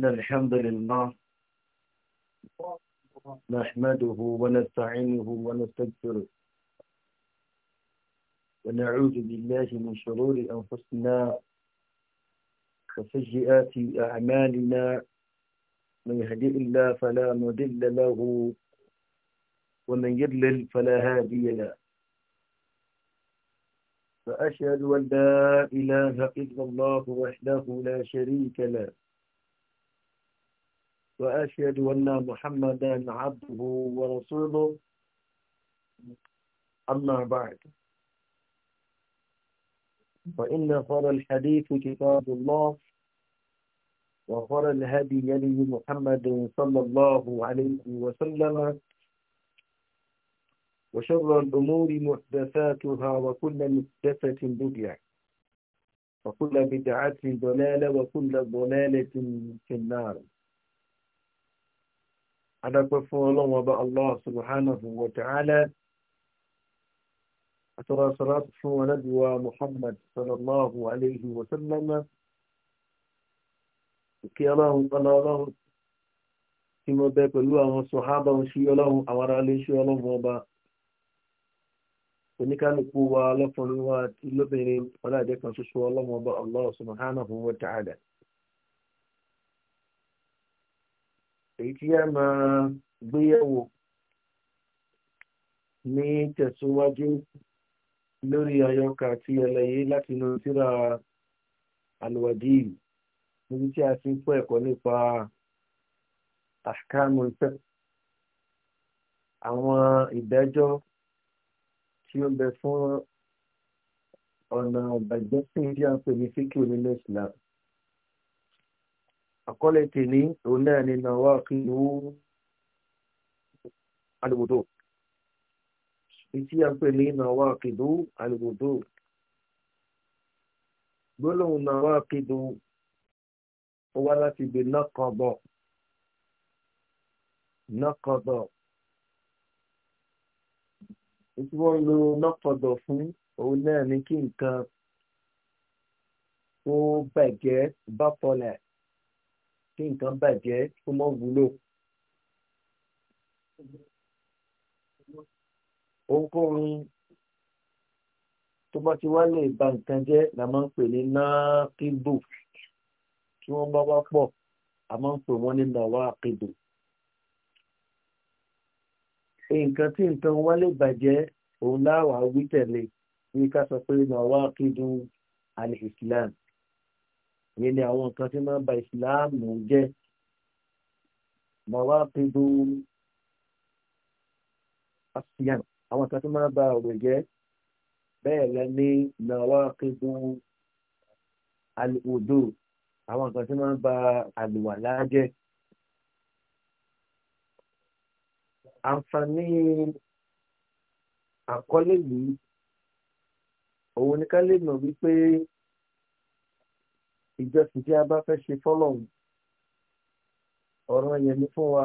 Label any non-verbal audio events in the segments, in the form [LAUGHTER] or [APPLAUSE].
إن الحمد لله نحمده ونستعينه ونستغفره ونعوذ بالله من شرور أنفسنا وسيئات أعمالنا من يهدئ الله فلا مضل له ومن يضلل فلا هادي له فأشهد أن لا إله إلا الله وحده لا شريك له وأشهد أن محمدا عبده ورسوله أما بعد فإن خير الحديث كتاب الله وخير الهدي يلي محمد صلى الله عليه وسلم وشر الأمور محدثاتها وكل محدثة بدعة وكل بدعة ضلالة وكل ضلالة في النار adápẹ́ fún ọlọ́run ọba allah subhanahu wa ta'ala àtọ́rọ sọ́láàtù fún ọlọ́dúnwà muhammad sallallahu alayhi wa sallama kí ọlọ́run pẹ̀lú ọlọ́run tí mo bẹ pẹ̀lú àwọn sọ̀hábà sí ọlọ́run àwọn ará lè ṣe ọlọ́run ọba oníkálukú wa lọ́kùnrin wa lóbìnrin ọlọ́dẹ èyí tí a máa gbéyẹ̀wò ní tẹ̀síwájú lórí àyọkà àti ẹlẹ́yẹ láti inú síra alwadil níbi tí a ti ń kọ́ ẹ̀kọ́ nípa àkàmù ìfẹ́ àwọn ìdájọ́ tí ó bẹ fún ọ̀nà ìbàjẹ́sìn tí a ń pè ní fíkì nínú ìsìlámù àkọlé tèmi òun náà ni nàwa kí ni ó alùpùpù ìtí à ń pè ní nàwa kìdú alùpùpù gbólóhùn nàwa kìdú ó wá láti ibi nàkọ̀bọ̀ nàkọ̀bọ̀ tí wọ́n lo nàkọ̀bọ̀ fún òun náà ni kí nǹkan ó bẹ̀gẹ́ bá pọlẹ̀ kí nǹkan bàjẹ́ kó mọ́ wúlò. ohunkóhun tó bá ti wá lè ba nǹkan jẹ́ la máa ń pè ní náàkìbù tí wọ́n bá wá pọ̀ a máa ń pè wọ́n ní nàwákìbù. nǹkan tí nǹkan wá lè bàjẹ́ òun láwàá wí tẹ̀lé ní ká sọ pé nàwákìbù alìsílámù ìyẹn ni àwọn nǹkan tí máa ń ba ìsìláàmù jẹ́ màwá pinnu asiyan àwọn nǹkan tí máa ń ba ọ̀rọ̀ jẹ́ bẹ́ẹ̀ lẹ ní màwá pinnu alùpùdù àwọn nǹkan tí máa ba àlùwàlá jẹ́. àǹfààní àkọlé yìí òun ni ká lè mọ̀ wípé. ìjọsìn tí a bá fẹ́ ṣe fọ́lọ́hún ọ̀ràn yẹn ni fún wa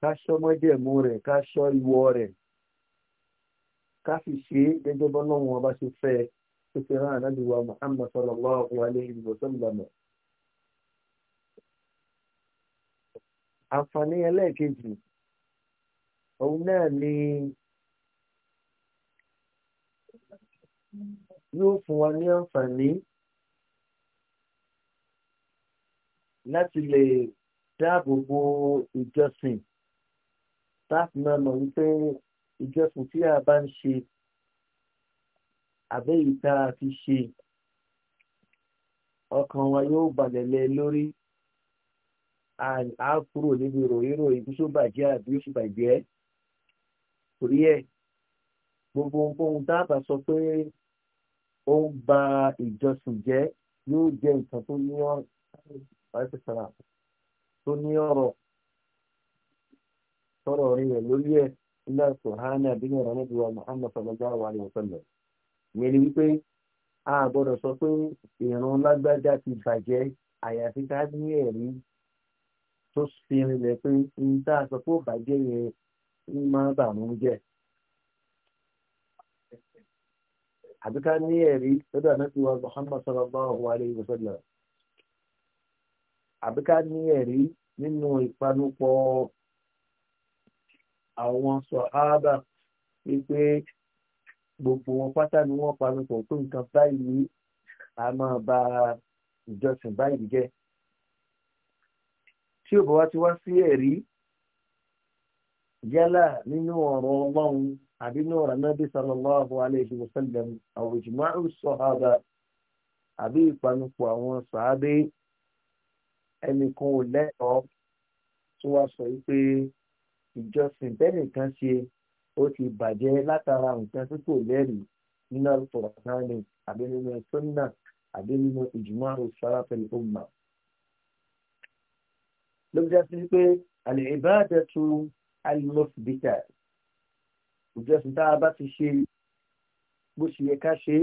ká ṣọ́ mọ́jẹ̀mú rẹ̀ ká ṣọ́ ìwọ rẹ̀ ká sì ṣe é gẹ́gẹ́ bọ́ lọ́wọ́n ọba ṣe fẹ́ tó fi rán ànábì wa muhammad sallallahu alayhi wa sallam. àǹfààní ẹlẹ́ẹ̀kejì òun náà ni yóò fún wa ní àǹfààní. láti lè dáàbò bo ìjọsìn láti máa mọ̀ wípé ìjọsìn tí a bá ń ṣe àbẹ́ ìta àti ṣe ọkàn wa yóò balẹ̀ lé lórí a kúrò níbi ròyìnrò ìbúṣó bàjẹ́ àbí oṣù bàjẹ́ torí ẹ̀ gbogbo ohun dábàá sọ pé ó ń ba ìjọsìn jẹ́ yóò jẹ́ nǹkan tó ní àìsí sara tó ní ọ̀rọ̀ sọ̀rọ̀ rí rẹ̀ lórí ẹ̀ ilé sùhánà bí ọ̀rọ̀ níbi wa muhammad sallallahu alayhi wa sallam yẹn ni wípé a gbọ́dọ̀ sọ pé ìrun lágbájá ti bàjẹ́ àyàfi ká ní ẹ̀rí tó fi rinlẹ̀ pé n tá a sọ pé ó bàjẹ́ yẹn ń máa bà mú jẹ́. àbíká ní ẹ̀rí lọ́dọ̀ àná ti wa muhammad sallallahu alayhi wa sallam àbí ká ní ẹ̀rí nínú ìpanupọ̀ àwọn sọ̀hábà wípé gbogbo wọn pátá ni wọ́n panupọ̀ tó nǹkan báyìí a máa ba ìjọsìn báyìí jẹ́. tí ò bá wá ti wá sí ẹ̀rí yálà nínú ọ̀rọ̀ ọlọ́run àbí nínú ọ̀rọ̀ anábì sallallahu alayhi wa sallam àwọn ijma'u sọ̀hábà àbí ìpanupọ̀ àwọn sàábé. So ẹnìkan ò lẹ́tọ̀ọ́ tó wá sọ pé ìjọsìn bẹ́nìkan ṣe ó ti bàjẹ́ látara nǹkan tí kò lẹ́rìí nínú àlùkòránì àbí nínú sọ́nà àbí nínú ìjùmọ̀ àròsára pẹ̀lú ọmọ. ló já sí pé àlè ìbáàdẹ tu alimọ́sibítà ìjọsìn tá a bá ti ṣe bó ṣe yẹ ká ṣe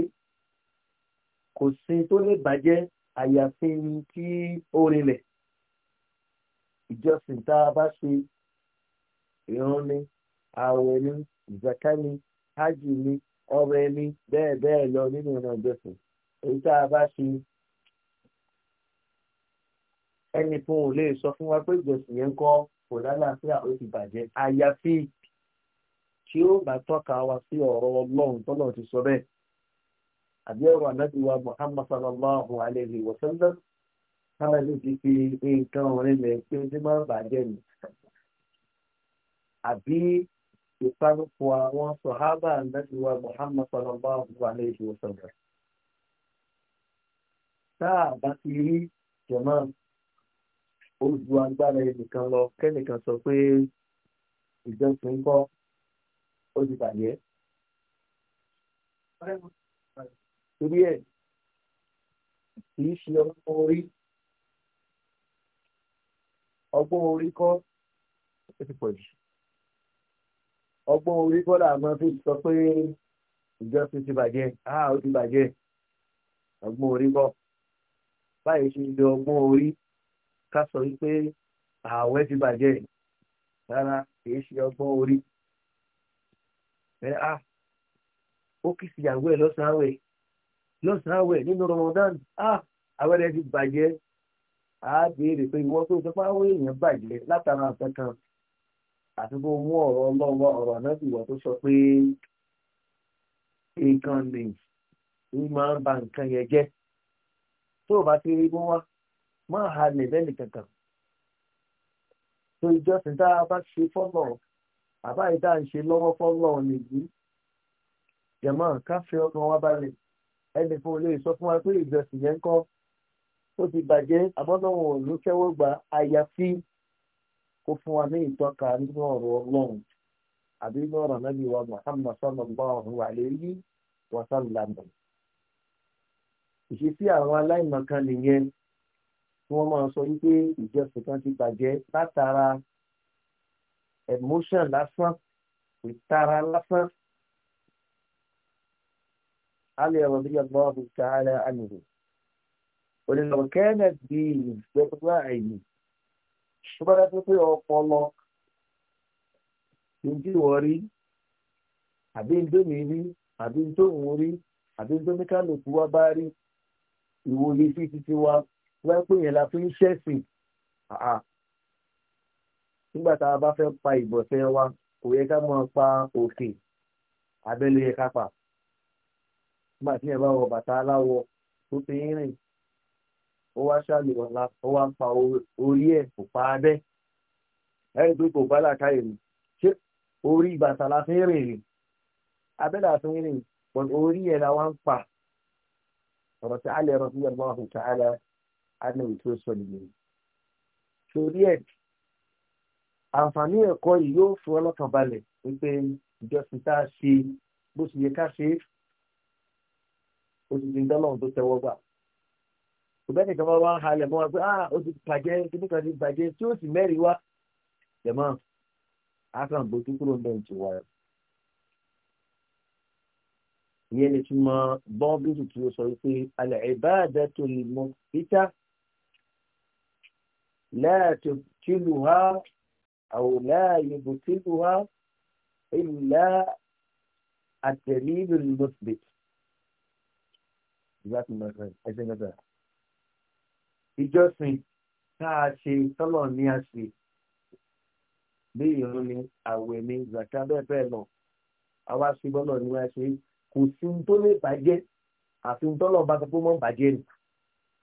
kò sí tó lè bàjẹ́ àyàfi tí ó rinlẹ̀ ìjọsìn tá a bá ṣe ìran ni ààwẹ̀ ni ìzàká ni hajj ni ọrẹ ni bẹ́ẹ̀ bẹ́ẹ̀ lọ nínú ìran ìjọsìn èyí tá a bá ṣe ẹnì kan ò lè sọ fún wa pé ìjọsìn yẹn ń kọ́ kò lálàáfíà ó ti bàjẹ́ àyàfi tí ó bá tọ́ka wa sí ọ̀rọ̀ ọlọ́run tọ́lọ́run ti sọ bẹ́ẹ̀ àbí ọ̀rọ̀ ànábì wa alayhi wa sallam sábà ló ti fi nǹkan ọ̀rẹ́ rẹ̀ pé ó ti máa ń bàjẹ́ nù. àbí ìpanupọ̀ àwọn sọ̀hábà nàìjíríà Muhammad sallallahu alayhi wa sallam. táà bá ti rí jọ̀mọ́ ó ju agbára ẹnìkan lọ kẹ́nìkan sọ pé ìjọsìn kọ́ ó ti bàjẹ́. torí ẹ̀ kì í ṣe ọmọ orí ọgbọ́n orí kọ́ ó ti pọ̀ jù ọgbọ́n orí kọ́ làwọn fi sọ pé ìjọ ti ti bàjẹ́ áà ó ti bàjẹ́ ọgbọ́n orí kọ́ báyìí ṣe lo ọgbọ́n orí ká sọ wípé ààwẹ̀ ti bàjẹ́ rárá kìí ṣe ọgbọ́n orí ẹ á ó kì sí àwẹ̀ lọ́sàn-án àwẹ̀ lọ́sàn-án àwẹ̀ nínú Ramadan á àwẹ̀ rẹ̀ ti bàjẹ́ á béèrè pé ìwọ tó sọ fáwọn èèyàn bàjẹ́ látara nǹkan kan àti kó mú ọ̀rọ̀ ọlọ́wọ́ ọ̀rọ̀ náà sì wọ́n tó sọ pé nǹkan lè ń máa ń ba nǹkan yẹn jẹ́ tó o bá ti rí mú wá máa halẹ̀ lẹ́nu kankan tó ìjọsìn tá a bá ṣe fọ́lọ̀ àbá ìdá ń ṣe lọ́wọ́ fọ́lọ̀ nìyí jẹ̀mọ́ ká fi ọkàn wa balẹ̀ ẹnì kan ò lè sọ fún wa pé ìjọsìn yẹn ń kọ́ ó ti bàjẹ́ àbọ́dọ̀wọ̀n ò ní tẹ́wọ́ gba àyàfi kó fún wa ní ìtọ́ka nínú ọ̀rọ̀ ọlọ́run àbí nínú ọ̀rọ̀ nàbí wa Muhammad sallallahu alayhi wa sallam. ìṣesí àwọn aláìmọ̀kan nìyẹn tí wọ́n máa sọ wípé ìjọsìn kan ti bàjẹ́ látara emotion lásán ìtara lásán. Ali radiyallahu ta'ala anhu onílọ kẹ́ẹ̀nẹ̀ bí ìgbẹ́gbẹ́ àìní tó bá dájú pé ọpọlọ ìdí wọ́n rí àbí ìdómi rí àbí ìdóhùn rí àbí ìdómi kálukú wá bá rí ìwòye sí títí wa wá pé yẹn la fi ń ṣẹ̀sìn nígbà tá a bá fẹ́ pa ìbọ̀sẹ̀ wa kò yẹ ká máa pa òkè abẹ́lé yẹ ká pa nígbà tí yẹn bá wọ bàtà aláwọ̀ tó fi ń rìn ó wá ṣáàlì ọ̀la ó wá ń pa orí ẹ̀ kò pa abẹ́ ẹ̀rí pé kò bá làkàyè mi ṣé orí bàtà la fi ń rìn rìn abẹ́ fi ń rìn but orí ẹ̀ la wá ń pa ọ̀rọ̀ tí alẹ́ rọ fún yàrá ọ̀hún tá alẹ́ alẹ́ òtú sọ nìyẹn torí ẹ̀ àǹfààní ẹ̀kọ́ yìí yóò fún ọlọ́kàn balẹ̀ wípé ìjọsìn tá a ṣe bó ṣe yẹ ká ṣe é ó ti di dọ́lọ́run tó tẹ́wọ́ gbà bẹ́ẹ̀ kan wá ń halẹ̀ mọ́ wa pé ah ó ti bàjẹ́ kíní kan ti bàjẹ́ tí ó sì mẹ́rin wá lẹ́mọ́ akàn gbójú kúrò ń bẹ̀rù ti wá rẹ̀. ìyẹn ni túmọ̀ bọ́ọ̀bù tí ó sọ pé alẹ́ ìbáàdà tó lè mọ peter láàtò tìlù ha àwòlá ìbò tìlù ha ìlà àtẹ̀lé ìlú lọ́sibẹ̀tì. Ìgbà tí mo rẹ̀ ẹsẹ̀ ń gbàgbà ìjọsìn tá a ṣe tọ́lọ̀ ní a ṣe bí ìrún ni àwẹ̀ ni zaka bẹ́ẹ̀ bẹ́ẹ̀ lọ àwa ṣe bọ́lọ̀ ní a ṣe kò sí tó lè bàjẹ́ àfi tọ́lọ̀ bá sọ pé wọ́n bàjẹ́ ni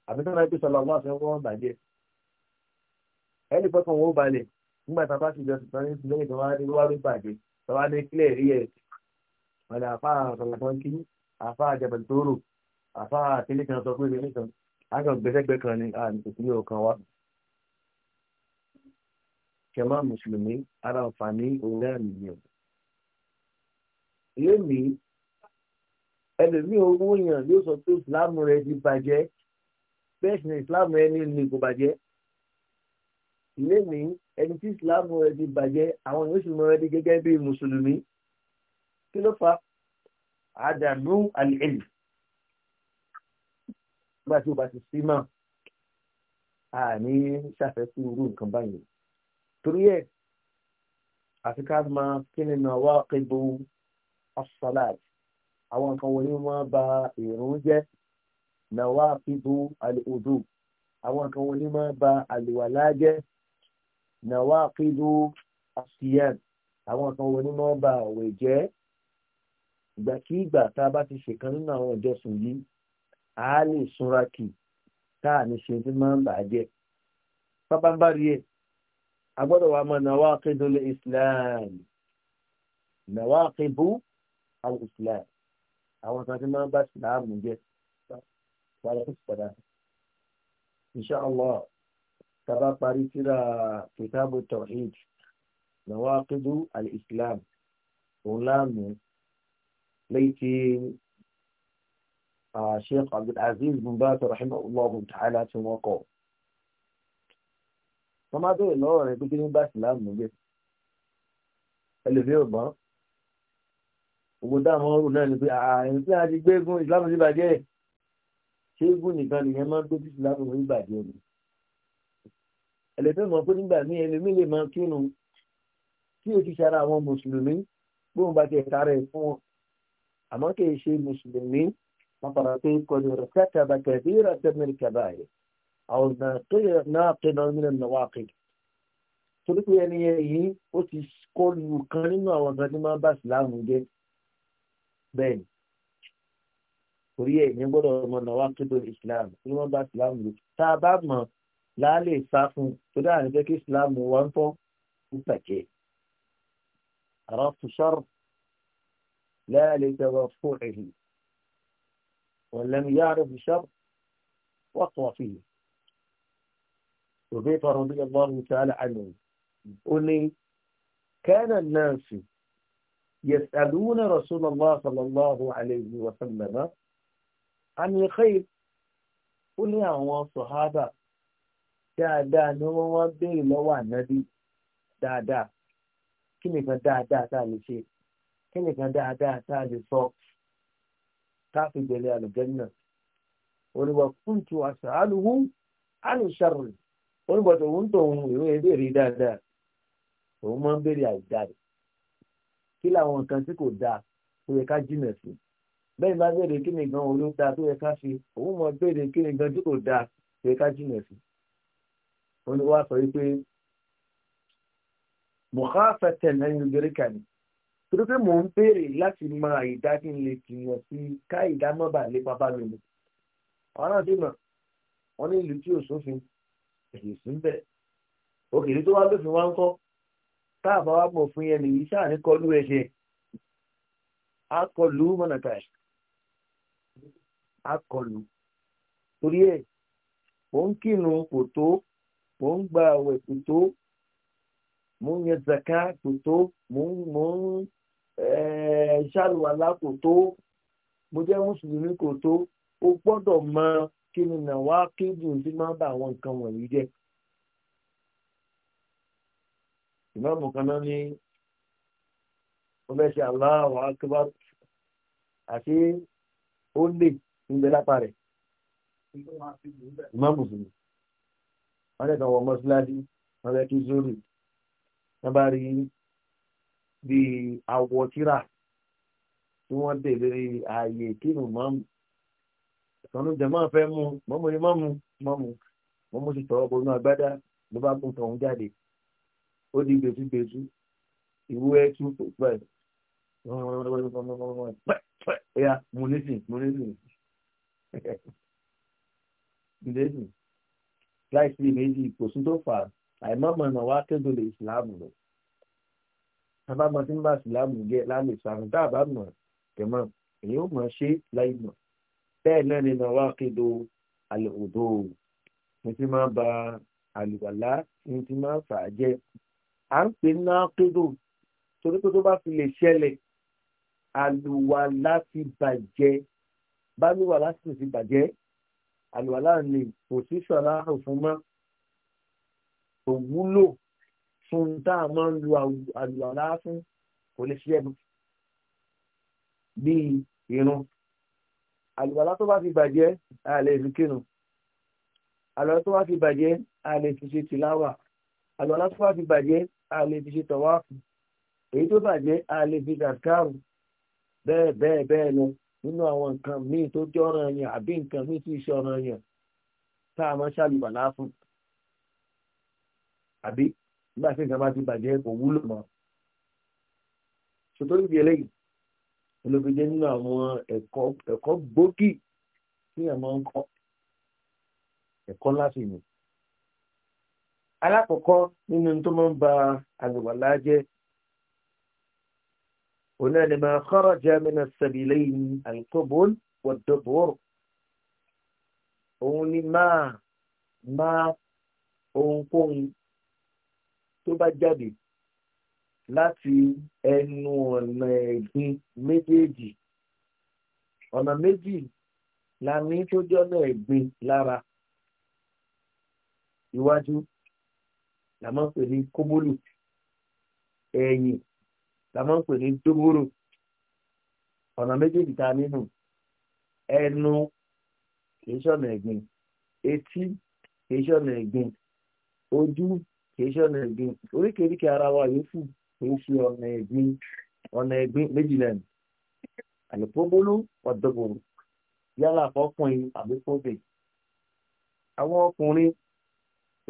àfi tọ́lọ̀ bí sọlọ wọ́n sọ pé wọ́n bàjẹ́ ẹnì fọ́kàn wọn ó balẹ̀ nígbà tá a bá ṣe ìjọsìn tán ní ìsinmi tó wá ní wá rí bàjẹ́ tó wá ní kílẹ̀ rí ẹ̀ wọ́n lè àfa àtọ̀lọ̀tọ̀ kí àfa àjẹbẹ̀tòrò àfa àtẹlẹ́kan sọ pé ìrẹ́lẹ́kan a kàn gbẹ́sẹ́gbẹ́ kan ní àìsílẹ̀ ọkàn wa kẹmọ́ mùsùlùmí ara àǹfààní orílẹ̀ ènìyàn lónìí ẹlòmíì owó yàn yóò sọ pé ìsìláàmù rẹ ti bàjẹ́ bẹ́ẹ̀ sì ni ìsìláàmù rẹ ní ìlú kò bàjẹ́ lónìí ẹni tí ìsìláàmù rẹ ti bàjẹ́ àwọn yóò sì mọ ẹni gẹ́gẹ́ bí mùsùlùmí kí ló fa àdàlú àlẹ́ èlì nígbà tí o bá ti sí mọ́ a ní ṣàfẹ́sí irú nǹkan báyìí torí ẹ̀ àti ká máa kí ni náà wá kébù as-salat àwọn nǹkan wọlé wọn ba ìrun jẹ́ náà wá kébù al àwọn nǹkan wọlé wọn ba àlùwàlá jẹ́ náà wá kébù as àwọn nǹkan wọlé wọn ba àwẹ̀ jẹ́ ìgbàkigbà tá a bá ti ṣèkan nínú àwọn ìjọsìn yìí a lè súnra kì tá à ní ṣe tí máa ń bàjẹ́ pápánbárí ẹ̀ a gbọ́dọ̀ wà mọ́ nawaqidul islam nawaqibu al-islam àwọn kan tí máa ń bá ìsìláàmù jẹ́ wàlẹ́ fún ìpadà inṣàlá tàbá parí síra kìtàbù tawhid nawaqidu al-islam òun láàmú lẹ́yìn tí Sheikh Abdulaziz bin Baz rahimahullahu ta'ala tí wọ́n kọ́. wọ́n máa bẹ̀rẹ̀ lọ́wọ́ rẹ̀ pé kí ní bá ìsìláàmù gbé ẹlòmí ò mọ́ gbogbo dáhùn ọrùn náà ni pé ààrùn tí a ti gbé gun ìsìláàmù sí bàjẹ́ ṣé gùn nìkan nìyẹn máa ń gbé bí ìsìláàmù sí bàjẹ́ ni ẹlòmí mọ̀ pé nígbà míì ẹlòmí lè máa kírun tí o ti ṣara àwọn mùsùlùmí gbóhùn bá ti ẹ̀ka rẹ̀ fún wọn àmọ́ kì í ṣe mùsùlùmí látara pé kọlu rẹ̀ kẹta bá kẹbí rẹ̀ tẹ́mìrì kẹba yìí àwọn nàtọ́yẹ náà tẹ̀lé nínú nàwa kejì torí pé ẹni yẹn yìí ó ti kọlu kan nínú àwọn kan tí máa bá sìláàmù jẹ bẹ́ẹ̀ ni orí ẹ̀ ní gbọ́dọ̀ ọmọ nàwa kejì ìsìláàmù tí wọ́n bá sìláàmù lò tá a bá mọ̀ láàlẹ̀ sá fún tó dáa ní pé kí sìláàmù wọ́n ń fọ́ ń pàjẹ́ àrọ́ fún sọ́rọ̀ láàlẹ̀ tẹ́wọ́ fún ẹ̀yìn. ولم يعرف الشر وقوى فيه وبيت رضي الله تعالى عنه يقول كان الناس يسألون رسول الله صلى الله عليه وسلم عن الخير قل يا صحابة dáadáa ni wọ́n wá béèrè lọ́wọ́ ànábì dáadáa kí nìkan dáadáa tá a lè táàfin gbẹ̀lẹ̀ àlùjẹ́nà oníwà kúntù àṣà alùhù alùsàrùn oníbọ̀tọ̀ òun tó òun ìwé ìbéèrè dáadáa òun máa ń béèrè àìdá rẹ̀ kí làwọn nǹkan tí kò dáa tó yẹ ká jìnà sí bẹ́ẹ̀ bá béèrè kí ni gan olú dáa tó yẹ ká fi òun máa béèrè kí ni gan tí kò dáa tó yẹ ká jìnà sí oníwà sọ wípé mùkáfẹ́tẹ̀ náà ń gbèrè kàní torí pé mò ń béèrè láti mọ àìdá kí n lè jìyàn sí ká ìdá mọ́bà lépa bá mi mu àwọn náà dènà wọn ní ìlú tí ò sófin èyí sí ń bẹ òkèlè tó wá lófin wá ń kọ́ tá a bá wá mọ̀ fún yẹn nìyí sáà ní kọlu ẹ̀ṣẹ̀ á kọlu mọ̀nàkà á kọlu torí ẹ̀ mò ń kírun kò tó mò ń gba àwẹ̀ kò tó mò ń yẹ zaka kò tó mò ń ṣàlùwàlá eh, kò tó mo jẹ́ mùsùlùmí kò tó o gbọ́dọ̀ mọ kí ni nàwa kíndùn tí máa ń bá àwọn nǹkan wọ̀nyí jẹ́. ìmáàmù kan náà ní ọlẹ́ṣẹ̀ aláwọ̀ akíbá àti ó lè níbẹ̀ lápá rẹ̀ ìmáàmù sì ni wọ́n lẹ́kàn wọ mọ́síláàdì wọ́n lẹ́kí zórí wọ́n bá rí bíi awọ tíra tí wọ́n dè lórí ààyè kínú mọ́mù ìtọ́nú jẹ̀mọ́ fẹ́ mú mọ́mù ni mọ́mù mọ́mù mọ́mù sì tọ́wọ́ bọ́nú agbádá ló bá kún tọ̀hún jáde ó di gbèsúgbèsú ìwú ẹ tú tó pẹ́ ẹ̀yà múnísìn múnísìn múnísìn láìsí méjì kò sún tó fà àìmọ́mọ́ náà wá kéde lè ìsìlámù lọ tábàmọ́ tí ń bá sùlámù jẹ́ lálẹ́ sàrùn táàbà mọ̀ tẹ̀mọ́ èyí ó mọ̀ ṣe láì mọ̀ bẹ́ẹ̀ náà ni nàwa kédo àlè òdo ní ti máa ba àlùbàlá ní ti máa fà á jẹ́ à ń pè náà kédo torí pé tó bá fi lè ṣẹlẹ̀ àlùwàlá ti bàjẹ́ bálùwàlá sì ti bàjẹ́ àlùwàlá ni kò sí ṣọ̀rá òfin mọ́ kò fún tá a máa ń lu àlùwàlá fún kò lè ṣiṣẹ́ mọ́ bíi irun àlùwàlá tó bá ti bàjẹ́ a lè fi kírun àlùwàlá tó bá ti bàjẹ́ a lè fi ṣe tìláwà àlùwàlá tó bá ti bàjẹ́ a lè fi ṣe tọ̀wáàfù èyí tó bàjẹ́ a lè fi dàkárù bẹ́ẹ̀ bẹ́ẹ̀ bẹ́ẹ̀ lọ nínú àwọn nǹkan míì tó jẹ́ ọ̀ràn yẹn àbí nǹkan míì tí ìṣe ọ̀ràn yẹn tá a máa ṣàlùwàlá fún àbí nígbà tí nǹkan bá ti bàjẹ́ kò wúlò mọ́ ṣòtò níbi eléyìí olóbi jẹ́ nínú àwọn ẹ̀kọ́ ẹ̀kọ́ gbòógì tí àmọ́ ń kọ́ ẹ̀kọ́ láti nù alákọ̀ọ́kọ́ nínú tó máa ń ba àlùwàlá jẹ́ òun náà máa kọ́rọ̀ jẹ́ mẹ́nà sẹ̀bìlẹ́yìn àìkọ́bọ̀n wọ̀dọ̀bọ̀rọ̀ òun ni máa máa ohunkóhun tó bá jáde láti ẹnu ọ̀nà ẹ̀gbin méjèèjì ọ̀nà méjì la ní tó jọ́nà ẹ̀gbin lára iwájú la máa ń pè ní kóbólù ẹ̀yìn la máa ń pè ní dóbóró ọ̀nà méjèèjì ta nínú ẹnu kìí ṣọ̀nà ẹ̀gbin etí kìí ṣọ̀nà ẹ̀gbin ojú kìí ṣe ọ̀nà ẹ̀gbin oríkèéríkèé ara wa yòókù kìí ṣe ọ̀nà ẹ̀gbin ọ̀nà ẹ̀gbin méjìlá ni àlùpópólú ọ̀dọ́gbòrò yálà fọkùnrin àbí fóbè àwọn ọkùnrin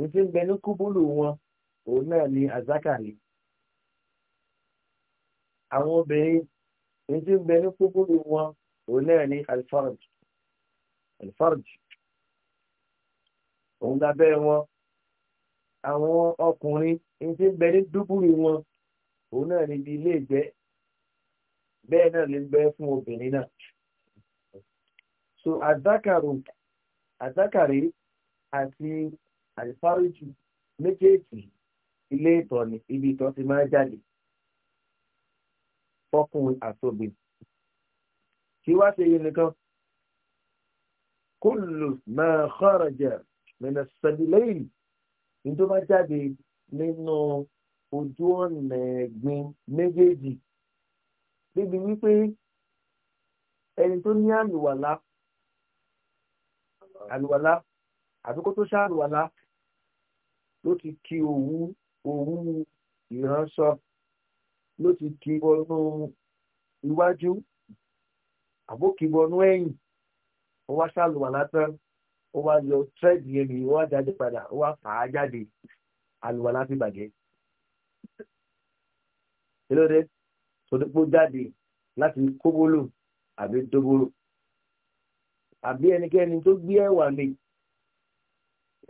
ètò ìgbẹ́ ní kúbólù wọn òun náà ni àzákàrí àwọn obìnrin ètò ìgbẹ́ ní kúbólù wọn òun náà ni alfarj alfarj òun lábẹ́ wọn àwọn ọkùnrin ní ti ń bẹ ní dúbúrú wọn òun náà níbi ilé ìgbẹ́ bẹ́ẹ̀ náà lè gbẹ́ fún obìnrin náà. so àdákàrò àdákàrí àti àìfárójù méjèèjì ilé ìtọ̀ ni ibi ìtọ̀ ti máa jáde fọkùnrin àtòbìn kí wá ṣe yìí nìkan kúlù máa kọ́rọ̀jà mẹ́nà sẹ́dílẹ́yìn ní tó bá jáde nínú ojú ọ̀nà ẹ̀gbin méjèèjì débi wípé ẹni tó ní àlùwàlá àlùwàlá àbíkó tó ṣàlùwàlá ló ti ki òwú òwú ìránṣọ ló ti ki bọnú iwájú àbókì bọnú ẹ̀yìn ó wá ṣàlùwàlá tán ó wá lọ tírẹ́dì yẹn ni ó wá jáde padà ó wá fà á jáde àlùwàlá ti bàjẹ́. kílódé sódópó jáde láti kóbólò àbí dóbólò àbí ẹnikẹ́ni tó gbé ẹ̀wà mi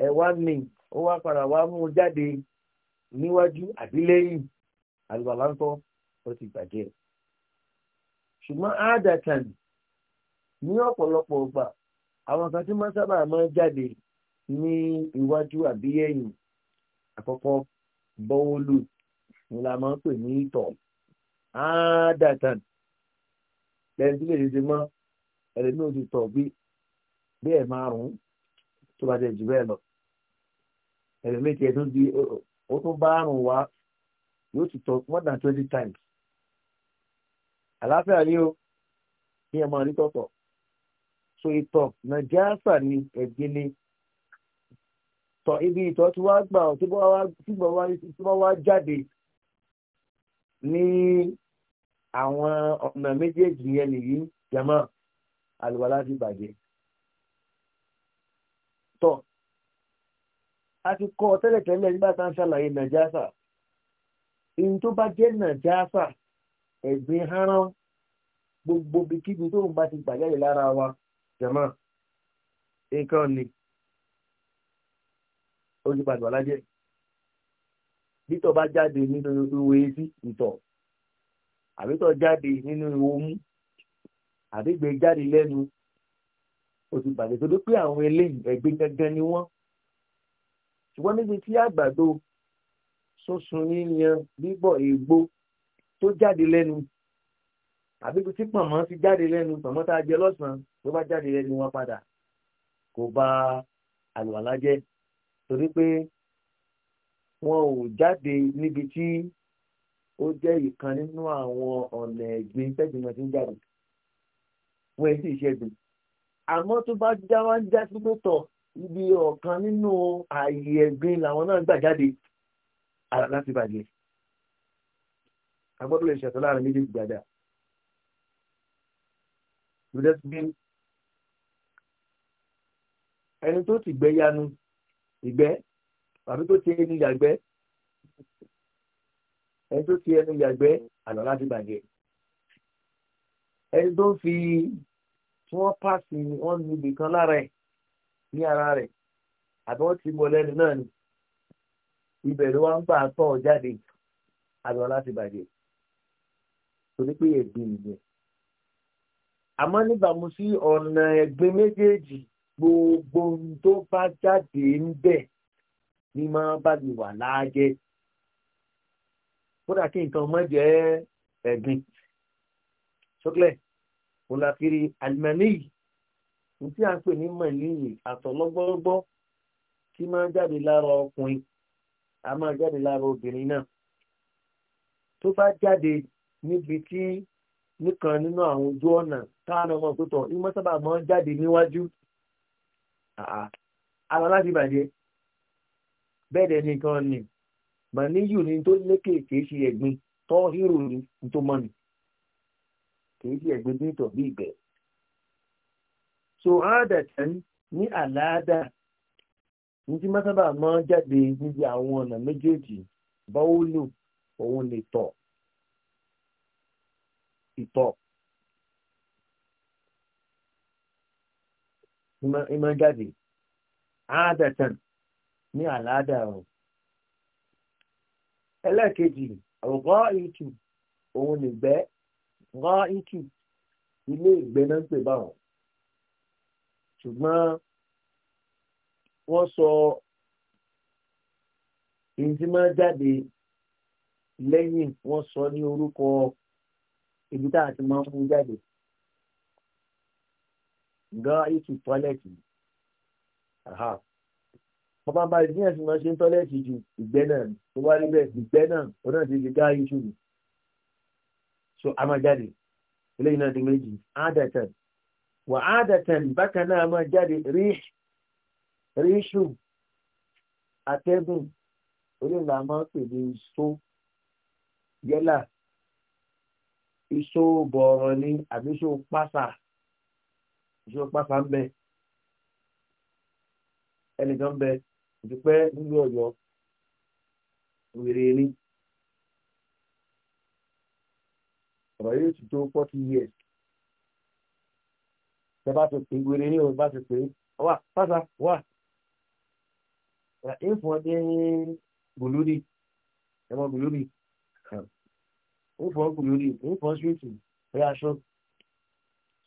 ẹ̀wà mi ó wá padà wá mú jáde níwájú àbí lẹ́yìn àlùwàlá ń kọ́ ó ti bàjẹ́. ṣùgbọ́n áádàtàn ní ọ̀pọ̀lọpọ̀ ọgbà àwọn kan tí wọ́n sábà máa jáde ní iwájú àbí ẹ̀yìn àkọ́kọ́ bọ́ọ̀lù ni la máa ń pè ní ìtọ̀ áádàtàn lẹ́yìn tí lè dìde mọ́ ẹlẹ́mí ò ti tọ̀ bí bí ẹ̀ márùn-ún tó bá jẹ jù bẹ́ẹ̀ lọ ẹlẹ́mí tiẹ̀ tó di ó tún bá àrùn wá yóò ti tọ̀ more than twenty times àlàáfíà ni ó ní ẹ̀ máa rí tọ̀tọ̀ so ìtọ̀ nàìjíríà ní ẹ̀gbin ni tọ̀ ibi ìtọ̀ tí wọ́n gbà tí wọ́n wá jáde ní àwọn ọ̀nà méjèèjì yẹn nìyí jẹ̀mọ́ àlùwàlá ti bàjẹ́ tọ̀ a ti kọ́ tẹ́lẹ̀tẹ́lẹ̀ nígbà tá à ń ṣàlàyé nàìjíríà ìyìn tó bá jẹ́ nàìjíríà ẹ̀gbin hárán gbogbo bíkíbi tó ń bá ti gbàjáde lára wa jẹ̀mọ́ nǹkan ni olùpàdé alájẹ́ bítọ̀ bá jáde nínú ihò etí ìtọ̀ àbítọ̀ jáde nínú ihò mú àbígbé jáde lẹ́nu oṣù gbàgbé tó dé pé àwọn eléyìí ẹgbẹ́ gangan ni wọ́n ṣùgbọ́n níbi tí àgbàdo sunsun yíyan bíbọ̀ ègbó tó jáde lẹ́nu àbí tí pọ̀nmọ́ ti jáde lẹ́nu pọ̀nmọ́ tá a jẹ lọ́sàn-án tó bá jáde lẹ́nu wọn padà kò bà àlùwàlá jẹ́ torí pé wọn ò jáde níbi tí ó jẹ́ ìkan nínú àwọn ọ̀nà ẹ̀gbin tẹ́gbìmọ̀ tí ń jáde wọ́n èyí sì ṣẹ́gun àmọ́ tó bá já wá ń já sí pé ibi ọ̀kan nínú ààyè ẹ̀gbin làwọn náà gbà jáde àlàlá ti bàjẹ́ a lè ṣètò láàrin méjèèjì dáadáa ló jẹ́ pé ẹni tó ti gbẹ́ yanu ìgbẹ́ tàbí tó ti ẹni yàgbẹ́ ẹni tó ti ẹni yàgbẹ́ àná láti bàjẹ́ ẹni tó ń fi tí wọ́n pàṣẹ wọ́n nu ibì kan lára ẹ̀ ní ara rẹ̀ àbí wọ́n ti mọ lẹ́nu náà ni ibẹ̀ ló wá ń gbà tọ̀ jáde àná láti bàjẹ́ torí pé ẹ̀gbìn ìgbẹ́ àmọ́ níbàámu sí ọ̀nà ẹgbẹ́ méjèèjì gbogbo ohun tó bá jáde ń bẹ̀ ni máa bá mi wà láàjẹ kódà kí nǹkan mọ́ jẹ́ ẹ̀gbin ṣókèlè kòlàfìrí alimẹ́lì yìí tí a ń pè ní mẹ́lìyì àtọ̀lọ́gbọ́gbọ́ tí máa jáde lára ọkùnrin a máa jáde lára obìnrin náà tó bá jáde níbi tí nìkan nínú àwọn ojú ọ̀nà táwọn ọmọ tó tọ̀ ìmọ̀ sábà máa ń jáde níwájú ara láti bàjẹ́ bẹ́ẹ̀ nìkan ni màníyù ni tó lékè kìí ṣe ẹ̀gbin tọ́ hírò ni tó mọ́ ni kìí ṣe ẹ̀gbin so ní ní tí máa ń jáde níbi àwọn ọ̀nà méjèèjì lò òun lè tọ̀ ìtọ̀ ìmọ̀ jáde àádẹ́tàn ní àlàádà ọ̀run ẹlẹ́ẹ̀kejì ọ̀gọ́ ìtù òun nìgbẹ́ rọ́ ìtù ilé ìgbẹ́ náà ń pè báwọn ṣùgbọ́n wọ́n sọ ìdí jáde lẹ́yìn wọ́n sọ ní orúkọ ibi tá a ti máa ń mú jáde gan ètò tọ́lẹ̀tì aha ọba bá ní ẹ̀sìn máa ṣe ń tọ́lẹ̀tì ju ìgbẹ́ náà ni tó wá níbẹ̀ ìgbẹ́ náà ó náà ti di gá ètò ni so a máa jáde eléyìí náà di méjì ádẹ̀tẹ̀n wà ádẹ̀tẹ̀n bákan náà máa jáde ríṣù atẹ́gùn orí ìlànà pèlè iṣó yẹ́là iṣó bọ̀ọ̀rọ̀ ni àbí iṣó pásà iṣó pásà ń bẹ ẹnìkan bẹ ìdúpẹ́ nílùú ọ̀yọ́ wèrè ni ọ̀rọ̀ yóò ti tó forty years tẹ bá ti pè wèrè ni o bá ti pè wá pásà wá ìfọ̀n ní bùlúrì ẹ̀mọ́ bùlúrì kan ó fọ́ ọkùnrin orí ó fọ́ ṣúùtù ó yá aṣọ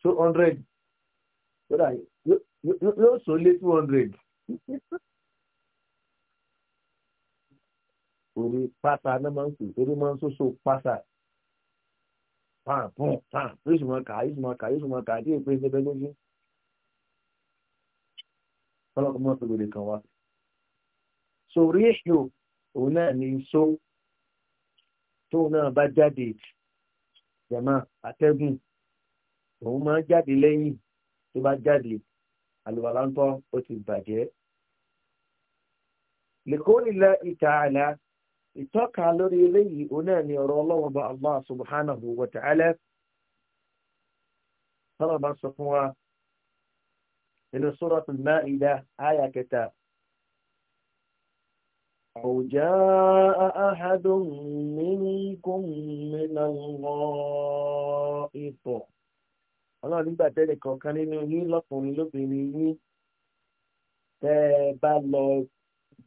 so hundred kódà yóò sọ lé two hundred orí pátá náà máa ń pè torí máa ń sọ́sọ́ pátá pàm pàm pàm yóò sì máa kà yóò sì máa kà yóò sì máa kà àti èpè ẹgbẹ lójú kọlọkùnrin máa fi gbèdè kan wá so rí èso òun náà ní so tóun náà bá jáde jẹ̀mọ́ atẹ́gùn òun máa ń jáde lẹ́yìn tó bá jáde àlùbàlà ń tọ́ ó ti bàjẹ́. lèkóni la ìtaàlà ìtọ́ka lórí eléyìí òun náà ni ọ̀rọ̀ ọlọ́wọ́n bá allah subhanahu wa ta'ala sọ́nà bá sọ fún wa nínú suratul Ma'idah áyà kẹta. أو جاء أحد منكم من الغائط ọlọ́run nígbà tẹ́lẹ̀ kọ̀ọ̀kan nínú yín lọ́kùnrin lóbìnrin yín tẹ́ ẹ bá lọ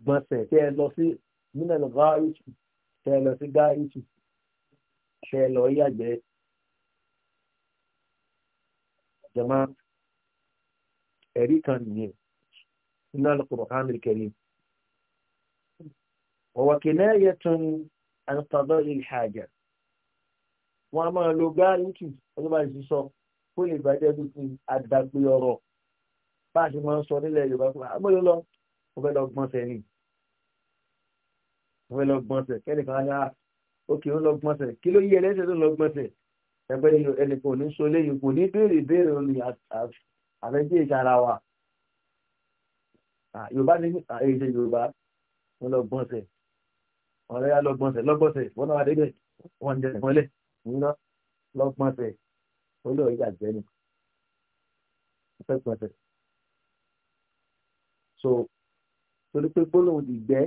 gbọ̀nsẹ̀ tẹ́ ẹ lọ sí mineral gáàrìtì tẹ́ ẹ lọ sí gáàrìtì tẹ́ ẹ lọ yàgbẹ́ jama ẹ̀rí kan nìyẹn nínú Al-Qur'an al وهو كناية عن قضاء الحاجة wọ́n a máa lo gáàríkì wọ́n máa sì sọ kó lè bàjẹ́ bí ti àdàgbé ọ̀rọ̀ bá a ṣe máa ń sọ nílẹ̀ yorùbá fún wa àmọ́ lọ mo fẹ́ lọ gbọ́nsẹ̀ ni mo fẹ́ lọ gbọ́nsẹ̀ kẹ́nìkan á òkè ah, ń lọ gbọ́nsẹ̀ kí ló yí ẹlẹ́sẹ̀ tó lọ gbọ́nsẹ̀ ẹgbẹ́ ẹnìkan ò ní so léyìn kò ní béèrè béèrè ni àfẹ́jẹ́ ìṣara wa ah, yorùbá ní èyí ah, ọ̀rẹ́ yá lọ́gbọ̀nsẹ̀ lọ́gbọ̀nsẹ̀ wọn náà wà débẹ̀ wọn jẹ ìpínlẹ̀ nínú lọ́gbọ̀nsẹ̀ olóòrí àjẹ́ ni fẹ́gbọ̀nsẹ̀. so torí pé gbólóhùn ìgbẹ́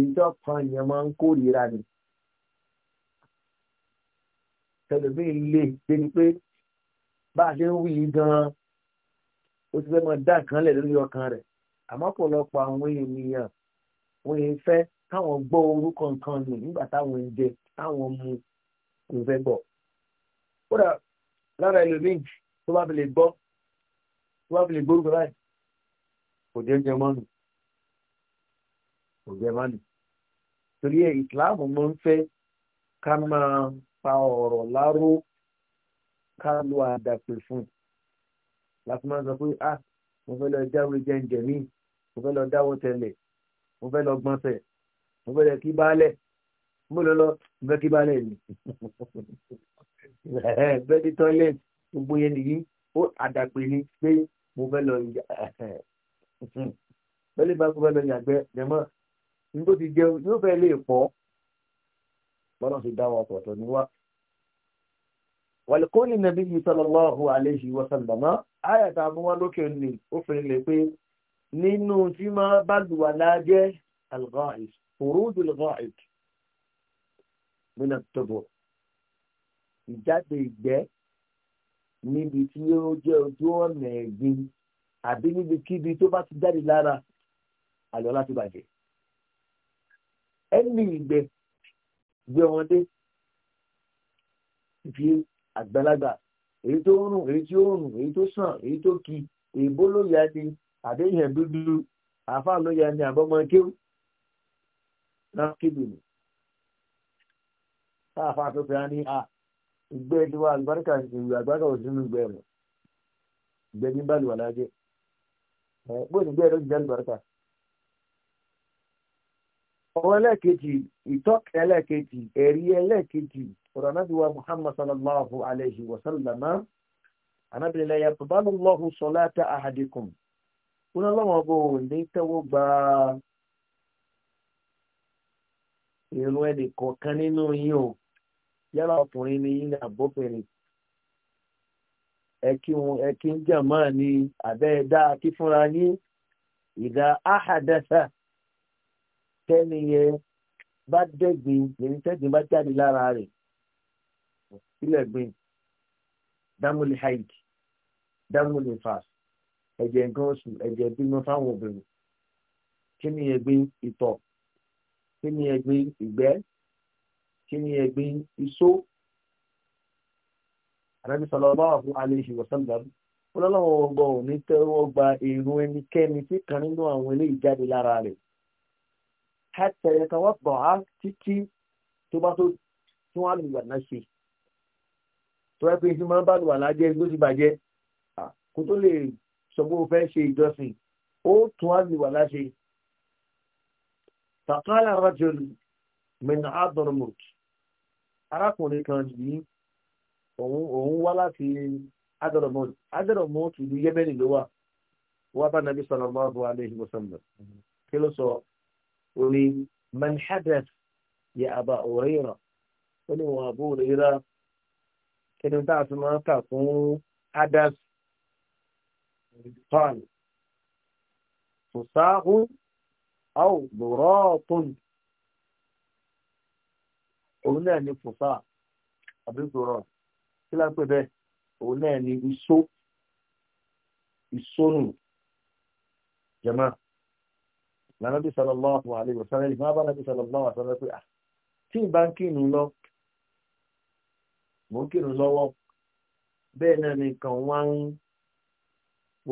ìjọ kan yẹn máa ń kórìíra ni tẹlifíìn lè dé ni pé bá a ṣe ń wí gan-an ó ti fẹ́ mọ dá nǹkan lẹ̀ lórí ọkàn rẹ̀ àmọ́ ọ̀pọ̀lọpọ̀ àwọn ènìyàn wọ́n yẹn fẹ́ táwọn gbọ́ orúkọ nǹkan nù nígbà táwọn ń jẹ táwọn mu kò fẹ́ bọ̀. kódà lára ẹlòmíì tó bá fi lè gbọ́ tó bá fi lè gbórúkọ báyìí kò jẹ́ jẹ mọ́nù kò jẹ mọ́nù. torí ẹ ìsìláàmù mọ́ ń fẹ́ ká máa pa ọ̀rọ̀ láró ká lo àdàpè fún un láti máa sọ pé ah mo fẹ́ lọ jáwé jẹ́ ń jẹ̀ mo fẹ́ lọ dáwọ́ tẹ̀lẹ̀ mo fẹ́ lọ gbọ́n tẹ̀ mo fẹ́ kí baálẹ̀ mo lọ lọ mo kí baálẹ̀ ni [LAUGHS] bẹ́ẹ̀ ni toilet gbogbo yẹn nìyí ó àdàgbè ni pé mo fẹ́ lọ ìjà bẹ́ẹ̀ bá kó fẹ́ lọ yàgbẹ́ jẹ̀mọ́ ní tó ti jẹun yóò fẹ́ lè pọ̀ bọ́lá ti dá wa pọ̀ tó ní wá. wàlùkọ́ ní nàbí yìí sallallahu alayhi wa sallam àyà tá a mú wá lókè ní ó lè pé nínú tí máa bá lùwàlá jẹ́ alghaiz fòròdù lọ́ọ̀d nínú tọ̀bọ̀ ìjáde ìgbẹ́ níbi tí ó jẹ́ ojú ọ̀nà ẹ̀gbin àbí níbikíbi tó bá ti jáde lára àlọ́ láti bàjẹ́ ẹni ìgbẹ́ gbé ọmọdé fi àgbàlagbà èyí tó rùn èyí tí ó rùn èyí tó sàn èyí tó ki èbó ló yá ni àdéhìyàn dúdú àáfàá ló yá ni àbọ̀mọ́ kéwù nákìbì ni káàfà tó fi hàn ní a ìgbẹ́ tí wà àlùbáríkà ìwé àgbákà òsínú ìgbẹ́ rẹ̀ ìgbẹ́ ní báàlù alájẹ́ bó ní ìgbẹ́ rẹ̀ jẹ́ àlùbáríkà. ọwọ́ ẹlẹ́ẹ̀kejì ìtọ́k ẹlẹ́ẹ̀kejì ẹ̀rí ẹlẹ́ẹ̀kejì ọ̀rọ̀ náà ti wá muhammad sallallahu alayhi wa sallam anábìlẹ̀ yàtọ̀ bá lọ́hùn sọ̀lá irun ẹnì kọ̀ọ̀kan nínú yín o yálà ọkùnrin ni yín àbófinrin ẹ kí wọn ẹ kí ń jàmọ́ ni àbẹ́ dá kí fúnra yín ìdá áhàdẹ́sà tẹ́ni yẹn bá dẹ́gbin yẹn tẹ́gbin bá jáde lára rẹ̀ sílẹ̀ gbin dámúlì haid dámúlì fas ẹ̀jẹ̀ nǹkan oṣù ẹ̀jẹ̀ bímọ fáwọn obìnrin kí ni yẹn gbin ìtọ̀ kí ni ẹ̀gbin ìgbẹ́ kí ni ẹ̀gbin iṣó àrẹ́bí sallallahu alayhi wa sallam ọlọ́lọ́wọ́ ọgbọ́ òní tẹ́wọ́ gba irun ẹnikẹ́ni tí kan nínú àwọn eléyìí jáde lára rẹ̀ hatta yatawadda'a títí tó bá tó tí wọ́n á lùwà náà ṣe tó ẹ pé tí wọ́n bá lùwà náà ló ti bàjẹ́ kó tó lè sọ pé o fẹ́ ṣe ìjọsìn ó tún á lùwà náà ṣe fàkàlà rajul min adormut arákùnrin kan yìí òun òun wá láti adormut adormut ìlú yemeni ló wà wá bá nàbí sallallahu alayhi wa sallam kí ló sọ ó ní man hadath ya aba òrìrà ó ní wọn àbú òrìrà kí ni táà tún máa ń kà fún hadath tọ́ọ̀nù tùsáhùn aw duratun òun náà ni fòfà àbí dùrọ̀ kí ló ń pè bẹ́ẹ̀ òun náà ni iṣó ìṣónù jama lànàbí sallallahu alaihi wasallam ìfún abánabi sallallahu alaihi wasallam pé à ah, tí ìbá ń kírun lọ mò ń kírun lọ́wọ́ bẹ́ẹ̀ náà ni nǹkan wá ń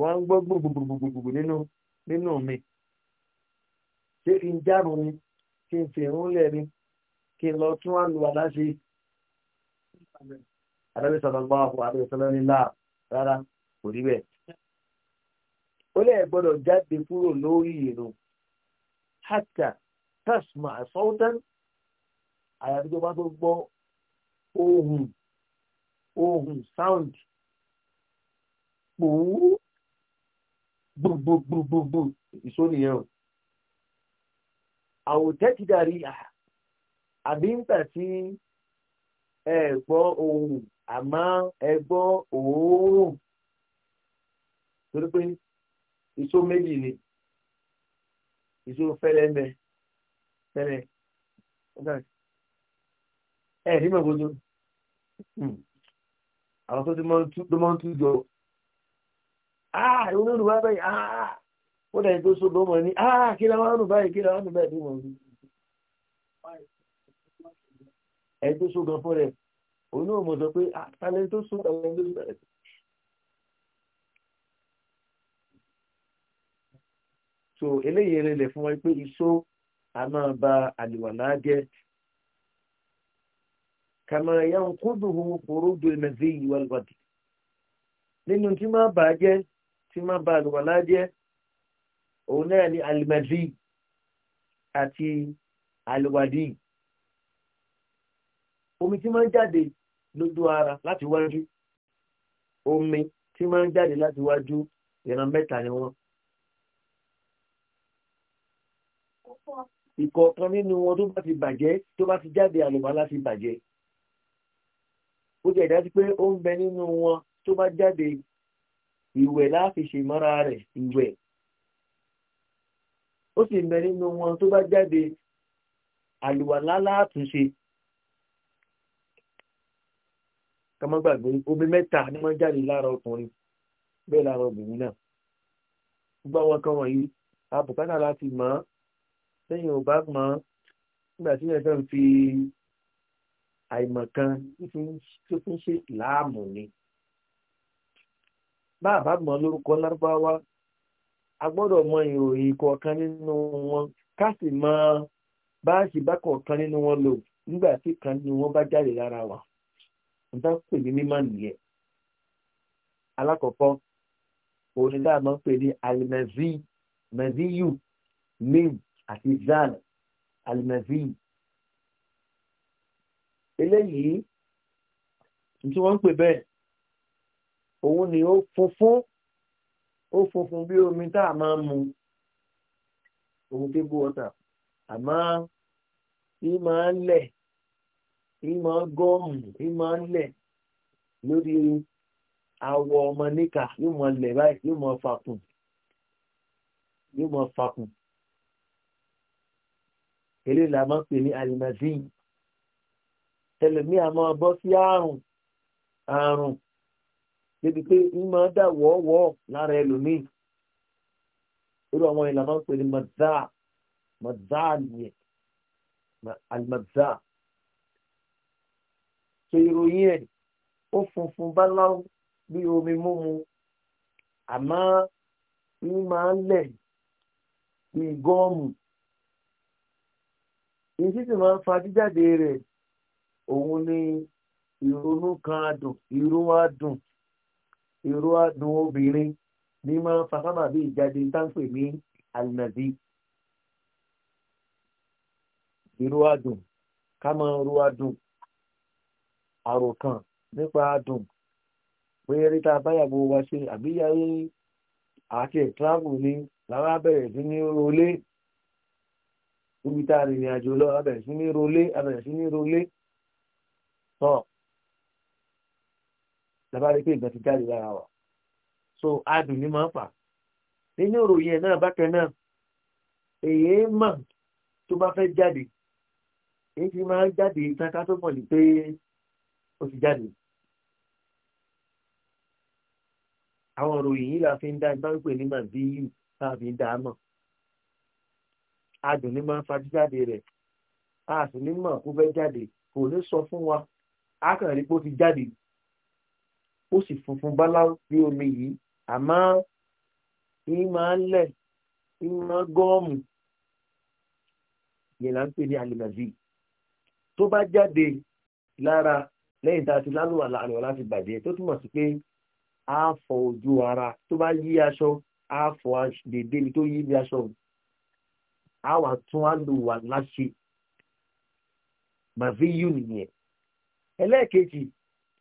wá ń gbọ́ gbogbogbogbogbò nínú nínú mi ṣé kí n járun ni kí n fìrún lẹ̀ ni kí n lọ tún wá lu àdáṣe àdáṣe sọlọ́gbọ́n àpò àdáṣe sọlọ́nílà rárá kò rí bẹ́ẹ̀. ó lẹ́ẹ̀ gbọ́dọ̀ jáde kúrò lórí ìrun hàtà tásmà sọ́ọ́tán àyàfi tó bá tó gbọ́ ohun ohun sound gbòó gbogbogbogbogbò ìsónìyàn o àwòtẹ́tì dàrí àbí ńgbà tí ẹ gbọ́ ohùn àmọ́ ẹ gbọ́ òórùn torí pé ìṣó méjì ni ìṣó fẹ́lẹ́ ń bẹ fẹ́lẹ́ ẹ ní mọ̀ bójú hmm. àwọn tó ti máa ń tú jọ ah ìwé olùwà bẹ́ẹ̀ ah ó dẹ̀ tó sódò mọ̀ ní ah kí la wá nù báyìí kí la wá nù báyìí tó mọ̀ ní. ẹ̀ tó sódò fún rẹ̀ òun náà mọ̀ sọ pé ah, talẹ̀ tó sódò àwọn ẹgbẹ́ sódò rẹ̀. so eléyìí rẹlẹ̀ fún wa pé iṣó a máa ba àlìwàlá jẹ́ kàmá yàn kúndùn kúrò dùnmẹ̀sí ìwàlúwàdì nínú tí máa bà á jẹ́ tí máa ba àlìwàlá jẹ́ òun náà ni alimadi àti aliwadi omi tí máa ń jáde lójú ara láti wájú omi tí máa ń jáde láti wájú ìran mẹ́ta ni wọ́n. ìkọ̀ọ̀kan nínú wọn tó bá ti bàjẹ́ tó bá ti jáde àlùmọ́ láti bàjẹ́ ó jẹ́ ìdájú pé ó ń bẹ nínú wọn tó bá jáde ìwẹ̀ láàfin ṣèmọ́ra rẹ̀ ìwẹ̀ ó sì mẹ nínú wọn tó bá jáde àlùwàlá látúnṣe ká má gbàgbé omi mẹ́ta ni wọ́n jáde lára ọkùnrin bẹ́ẹ̀ lára obìnrin náà gbogbo àwọn kan wọ̀nyí àbùkátà láti mọ̀ ọ́ sẹ́yìn ò bá mọ̀ ọ́ nígbà tí ẹ̀fẹ́ ń fi àìmọ̀kan tó fi ń ṣe láàmù ni bá àbá lórúkọ lárúbáwá a gbọ́dọ̀ mọ ìròyìn kọ̀ọ̀kan nínú wọn ká sì mọ bá a ṣe bá kọ̀ọ̀kan nínú wọn lò nígbà tí kan nínú wọn bá jáde lára wa nǹkan pè ní mímọ̀ nìyẹn alákọ̀ọ́kọ́ òun ni dáàmọ́ pè ní alimẹ́zí mẹ́zíyù mim àti zan alimẹ́zí eléyìí tí wọ́n ń pè bẹ́ẹ̀ òun ni ó funfun ó funfun bí omi tá a máa ń mu òun tébù wọ́tà àmọ́ yìí máa ń lẹ̀ yìí máa ń gọ́ọ̀mù yìí máa ń lẹ̀ lórí awọ ọmọ níkà yóò máa lẹ̀ báyìí yóò máa fakùn yóò máa fakùn eléyìí la máa ń pè ní alimazin ẹlòmíà máa bọ́ sí àrùn àrùn débi pé ń máa dà wọ́ọ̀wọ́ lára ẹlòmíì irú àwọn ìlànà ń pè ní mazà mazà nìyẹn alimazà ṣe ìròyìn ẹ̀ ó funfun báláwo bí omi múmu àmọ́ ń máa ń lẹ̀ bí gọ́ọ̀mù èyí sì máa ń fa jíjáde rẹ̀ òun ni ìrònú kan adùn ìró adùn ìró adùn obìnrin ní máa ń fa sábà bí ìjáde táǹpè ní alinabi ìró adùn ká máa ro adùn àròkàn nípa adùn bóyá rí tá a báyàwó wa ṣe àbíyáyé àti ìtìláàbù ni làwọn abẹ̀rẹ̀ sí ní rolé níbi tá a rìnrìn àjò lọ abẹ̀rẹ̀ sí ní rolé abẹ̀rẹ̀ sí ní rolé tọ́. So, lábá rí pé nǹkan ti jáde lára wa so adùn ní máa ń fà nínú ìròyìn ẹ̀ náà bákan náà èyí mọ̀ tó bá fẹ́ jáde èyí ti máa ń jáde tán ká tó mọ̀ ní pé ó ti jáde. àwọn ìròyìn yìí la fi ń dá ibà ń pè ní màbíyù tá a fi ń dá a mọ̀ adùn ní máa ń fa jíjáde rẹ̀ a sì ní mọ̀ kó fẹ́ jáde kò ní sọ fún wa a kàn rí pé ó ti jáde ó sì funfun báláwú bí omi yìí àmọ́ ìmọ̀ lẹ̀ ìmọ̀ gọ́ọ̀mù yẹn là ń pè ní alìmọ̀bí tó bá jáde lára lẹ́yìn tá a ti lálùwà láàrin ọ̀la ti bàjẹ́ tó túmọ̀ sí pé a fọ ojú ara tó bá yí aṣọ a fọ dédé ni tó yí bí aṣọ a wà tún àlùwà láṣẹ màvíyù nìyẹn ẹlẹ́ẹ̀kejì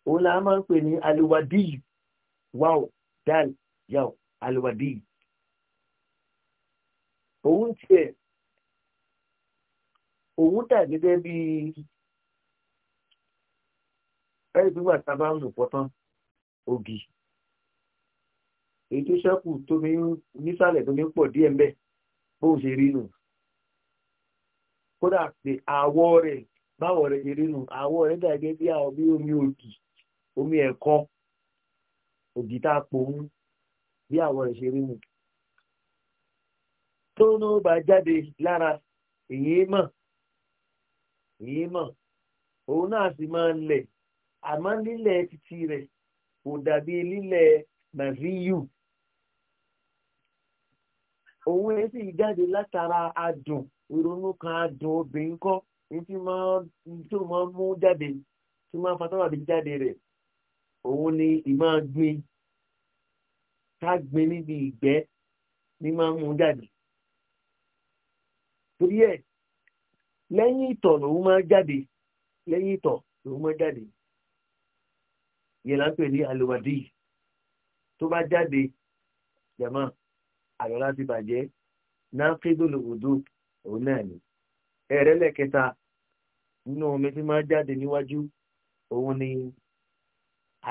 òun la máa ń pè ní aliwadiyu wáò dal yàò aliwadiyu òun tiẹ̀ òun dà gẹ́gẹ́ bí ẹ̀rí gbígbà tá a bá ń lò pọ̀ tán ògì èyí tó ṣẹ́kù tómi nísàlẹ̀ tómi pọ̀ díẹ̀ ń bẹ̀ bóun ṣe rí nù kódà pé àwọ̀ rẹ̀ báwọ̀ rẹ̀ ṣe rí nù àwọ̀ rẹ̀ dà bí àwọn bí omi ògì. omi ẹ̀kọ́ ògì tá a pò ń bí àwọn rẹ̀ ṣe rí mu. tó ń bá jáde lára èyí mọ̀ èyí mọ̀ òun náà sì máa ń lẹ̀ àmọ́ lílẹ̀ títí rẹ̀ kò dàbí lílẹ̀ màvíyù òun ẹ sì jáde látara adùn ìrònú kan adùn obìnrin kọ́ ní tí máa mú jáde tí máa ń fa sábàbí jáde rẹ̀ òun ni ìmọ̀ gbin ká gbin níbi ìgbẹ́ ní máa ń mú jáde torí ẹ̀ lẹ́yìn ìtọ̀ lòun máa jáde lẹ́yìn ìtọ̀ lòun máa jáde yẹn là ń pè ní àlùwàdì tó bá jáde jàmá àlọ́lá ti bàjẹ́ náà kédòlò òdò òun náà ni ẹ̀rẹ́lẹ̀ kẹta nínú omi tí máa jáde níwájú òun ni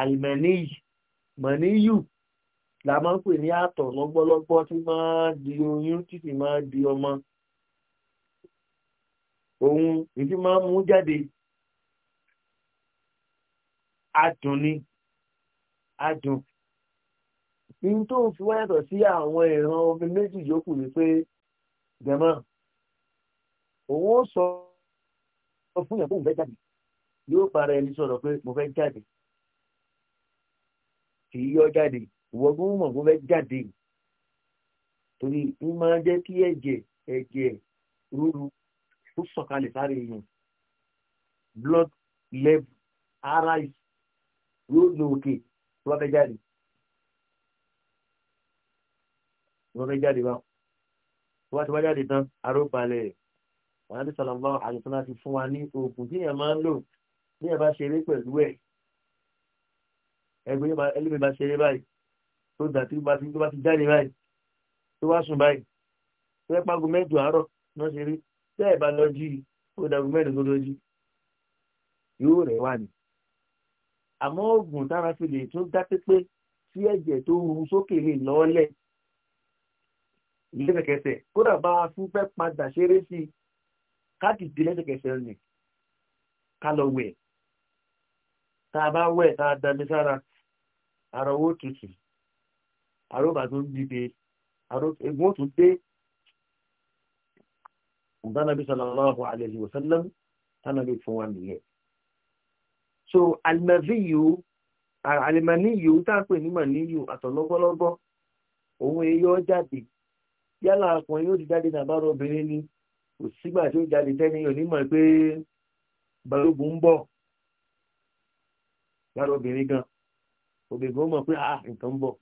àlìmẹ̀níyì mọ̀níyù la máa ń pè ní àtọ̀ lọ́gbọ́lọ́gbọ́ tí máa di oyún tí sì máa di ọmọ òun ìdí máa mú jáde adùn ni adùn ní tó ń fi wáyàtọ̀ sí àwọn ìran omi méjì yòókù ni pé jẹ̀mọ́ òun ó sọ fún ìyàwó òun fẹ́ jáde yóò para ẹni sọ̀rọ̀ pé mo fẹ́ jáde kì í yọ jáde ìwọ gbọ́n mọ̀ kó fẹ́ jáde torí ń máa jẹ́ kí ẹ̀jẹ̀ ẹ̀jẹ̀ rúru tó sọ̀kalẹ̀ sáré èèyàn blood level ara yóò lo òkè tó bá fẹ́ jáde tó bá fẹ́ jáde báwọn tó bá ti wá jáde tán aró wọn á ti sọ̀rọ̀ bá àjọṣán láti fún wa ní oògùn tí èèyàn máa ń lò tí èèyàn bá ṣeré pẹ̀lú ẹ̀ ẹgbẹ́ ẹlẹ́mìí bá ṣeré báyìí tó dà tí tó bá ti jáde báyìí tó wá sùn báyìí tó ẹ pàgọ́ mẹ́jọ àárọ̀ náà ṣe rí tẹ́ ẹ̀ bá lọ jí ó dàgbọ́ mẹ́rin tó lọ jí yóò rẹ̀ wà ní. àmọ́ oògùn tára fi lè tún dá pépé tí ẹ̀jẹ̀ tó ru sókè lè lọ́ọ́lẹ̀ lẹ́sẹ̀kẹsẹ̀ kódà bá a fún fẹ́ padà ṣeré sí i káàkiri lẹ́sẹ̀kẹsẹ̀ ni ká lọ wẹ̀ tá a bá wẹ̀ tá a dami sára ara owó tutù àròbà tó dìde egun ó tún dé ìbánabi sallallahu alayhi wa sallam tánàbí fún wa nìyẹn so alimẹ́fíyù alimẹ́níyù tá a pè ní màníyù àtọ̀lọ́gbọ́lọ́gbọ́ òun eyọ jáde yálà ọkùnrin yóò ti jáde nàbárò obìnrin ni kò sígbà tí ó jáde tẹ́ni onímọ̀ pé balógun ń bọ̀ lára obìnrin gan ògbègbè mọ̀ pé ah nǹkan ń bọ̀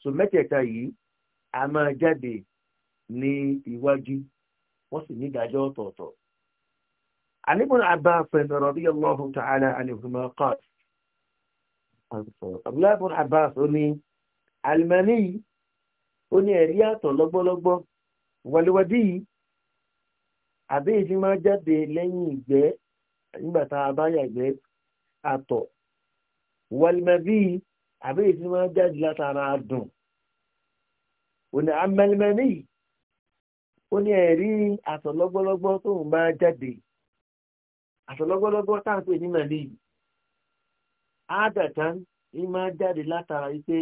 so mẹ́tẹ̀ẹ̀ta yìí a máa jáde ní iwájú wọ́n sì ní ìdájọ́ ọ̀tọ̀ọ̀tọ̀ alibun abba fẹ̀nà rọ̀bí allahu ta'ala alihuma qat abdullahibun abbas ó ní alimani ó ní ẹ̀rí àtọ̀ lọ́gbọ́lọ́gbọ́ wàlúwàdí yìí àbí ìdí máa jáde lẹ́yìn ìgbẹ́ nígbà tá a bá yàgbẹ́ àtọ̀ wàlmẹ̀bí àbí èyí tí wọ́n jáde látara dùn ò ní amẹ́lẹ́mẹ́lì ó ní ẹ̀rí àtọ̀lọ́gbọ́lọ́gbọ́ tó ń bá jáde àtọ̀lọ́gbọ́lọ́gbọ́ táǹpẹ̀ ní mẹ́lì àádọ́tán ní máa jáde látara wípé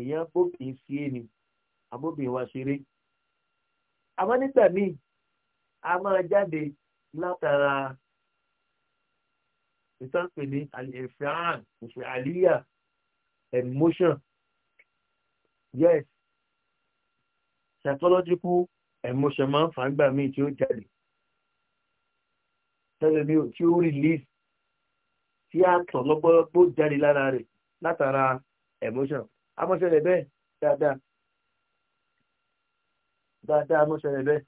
èèyàn bóbìn sí ẹni abóbìn wa ṣeré àmọ́ nígbà míì a máa jáde látara nítorí pé ní àlẹ́fẹ́ràn òfin àlíyà emotion yes psychological emotion máa ń fà ń gbà míì tí ó jáde tẹ́lẹ̀ mi ò tí ó release tí a tàn lọ́gbọ́lọ́gbọ́ jáde lára rẹ̀ látara emotion amọ́ṣẹ́lẹ̀ bẹ́ẹ̀ dáadáa dáadáa amọ́ṣẹ́lẹ̀ bẹ́ẹ̀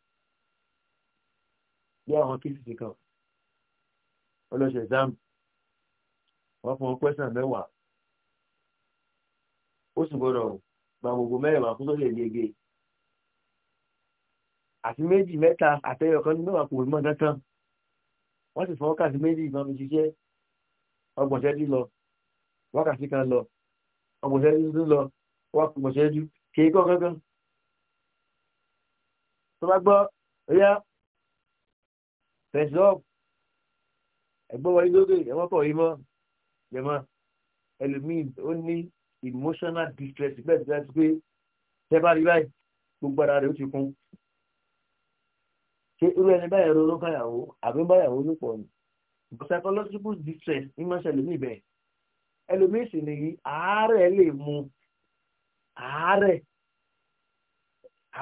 bí àwọn kìsìsì kan ọlọ́ṣẹ̀ exam wọ́n fún un pẹ́sàn mẹ́wàá ó sì gbọ́dọ̀ gba gbogbo mẹ́rẹ̀ẹ̀wá fún tó lè yege àti méjì mẹ́ta àtẹyọ kan ní mẹ́wàá kò mọ́ dandan wọ́n sì fún wákàtí méjì ìbọn mi ṣiṣẹ́ ọgbọ̀n ṣẹ́jú lọ wákàtí kan lọ ọgbọ̀n ṣẹ́jú tún lọ wákàtí ṣẹ́jú kéé kọ́ kankan tó bá gbọ́ ẹ̀yà fẹ̀sọ́ọ̀bù ẹ̀gbọ́n wọlé lóde ẹ̀wọ́n kọ̀ yìí mọ́ jẹmọ ẹlòmíì ó ní emotional distress bẹ́ẹ̀ bẹ́ẹ̀ ti pé tẹbá rí báyìí gbogbo ara rẹ̀ ó ti kún ṣé irú ẹni báyìí ronú káyàwó àbí báyàwó ní pọ̀ ni psychological distress ní máa ṣẹlẹ̀ níbẹ̀ ẹlòmíì sì nìyí àárẹ̀ lè mú àárẹ̀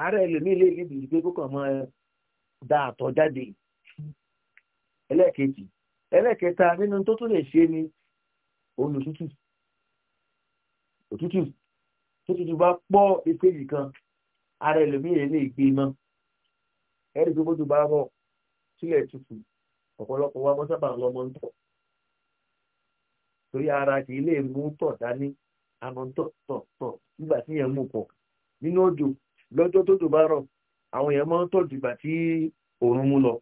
àárẹ̀ ẹlòmíì lè lébi ìgbé kókò máa da àtọ̀ jáde ẹlẹ́ẹ̀kejì ẹlẹ́ẹ̀kẹta nínú tó tún lè ṣe ni òun òtútù òtútù tó tútù bá pọ̀ ìpéjì kan ara ẹlòmíràn lè gbé mọ́ ẹni tó bójú bá rọ̀ sílẹ̀ tútù ọ̀pọ̀lọpọ̀ wa mọ́sábà lọ́mọ ń tọ̀ torí ara kì í lè mú tọ̀ dání àmọ́ tọ̀ tọ̀ tọ̀ nígbà tí yẹn mú pọ̀ nínú òjò lọ́jọ́ tó jò bá rọ̀ àwọn yẹn máa ń tọ̀ dìgbà tí òórùn mú lọ.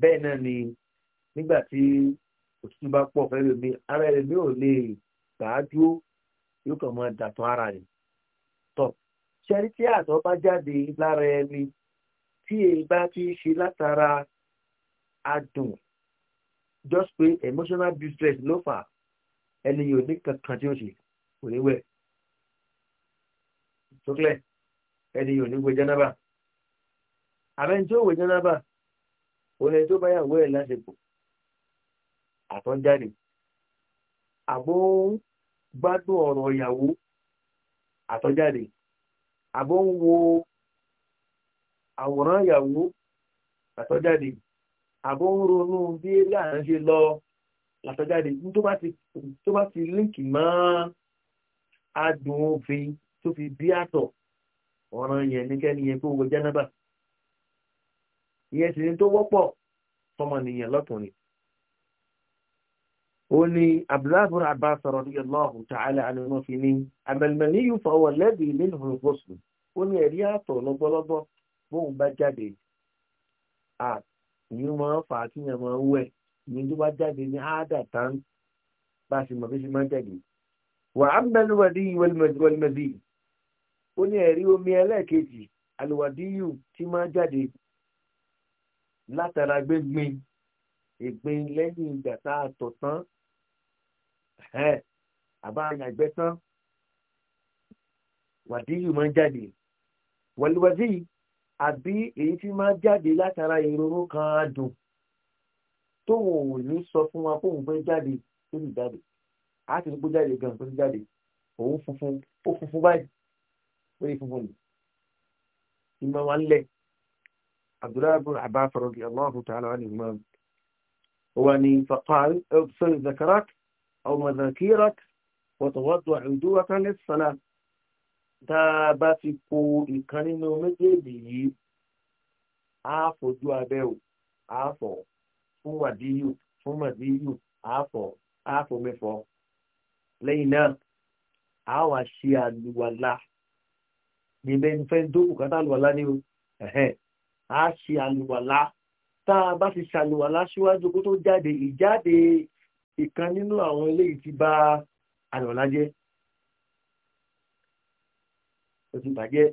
bẹ́ẹ̀ náà ni nígbà tí òtútù bá pọ̀ fẹ́ lómi ara rẹ̀ mi ò lè gbà á dúró yóò kàn máa dàtọ̀ ara rẹ̀ tọ̀ ṣẹ́rí tí àtọ̀ bá jáde lára ẹni tí èyí bá ti ṣe látara adùn just pé emotional distress ló fà ẹni yóò ní kankan tí ó ṣe kò ní wẹ̀ sókè ẹni yóò ní wẹ̀ jánábà àbẹ́ni tí ó wẹ̀ jánábà òun ẹni tó bá wẹ̀ láṣepọ̀ àtọ́jáde àbó gbádùn ọ̀rọ̀ ìyàwó àtọ́jáde àbó ń wo àwòrán ìyàwó àtọ́jáde àbó ń ronú bí láàrín ṣe lọ àtọ́jáde tó bá ti líǹkì mọ́ adùn òfin tó fi bí àtọ̀ ọ̀ràn yẹn ní yẹn kó wo jẹ́nàbà ìyẹn sì ni tó wọ́pọ̀ fọmọnìyàn lọ́kùnrin وني أبلاه بن عباس رضي الله تعالى عنه فيني أما المني فهو الذي منه الغسل وني رياته لبلبة بوم بجدي آه يوم فاتين ما هو من دو بجدي نعادة تان بس ما بيش ما جدي وأما الودي والمزي وني ريو ميلا كيتي الودي تما جدي لا ترى بجمي ìgbín lẹ́yìn ìgbà tá a tọ̀ tán àbá àyàgbẹ́ tán wàdíyù máa ń jáde wàlúwàdí àbí èyí tí máa jáde látara ìrorò kan adùn tóun ò ní sọ fún wa kóun fẹ́ jáde tó sì jáde a ti rí pé jáde gan tó sì jáde òun funfun ó funfun báyìí ó lè funfun nì ìmọ̀ wa ń lẹ̀ abdullahi abba farogi allah ta'ala wa ni imam وأني فقال اغسل ذكرك أو مذاكيرك وتوضع عدوك للصلاة تابا في كو إكاني نومجي بي àáfọ̀ ojú abẹ́ o àáfọ̀ fún wàdíyù fún màdíyù àáfọ̀ àáfọ̀ mẹ́fọ̀ lẹ́yìn náà a wà ṣe àlùwàlá níbẹ̀ fẹ́ tó kù kátà àlùwàlá ni o a ṣe àlùwàlá tá a bá ti ṣàlùwà láṣíwájú kó tó jáde ìjáde ìkan nínú àwọn eléyìí ti bá àlọ́lá jẹ́ ó ti bàjẹ́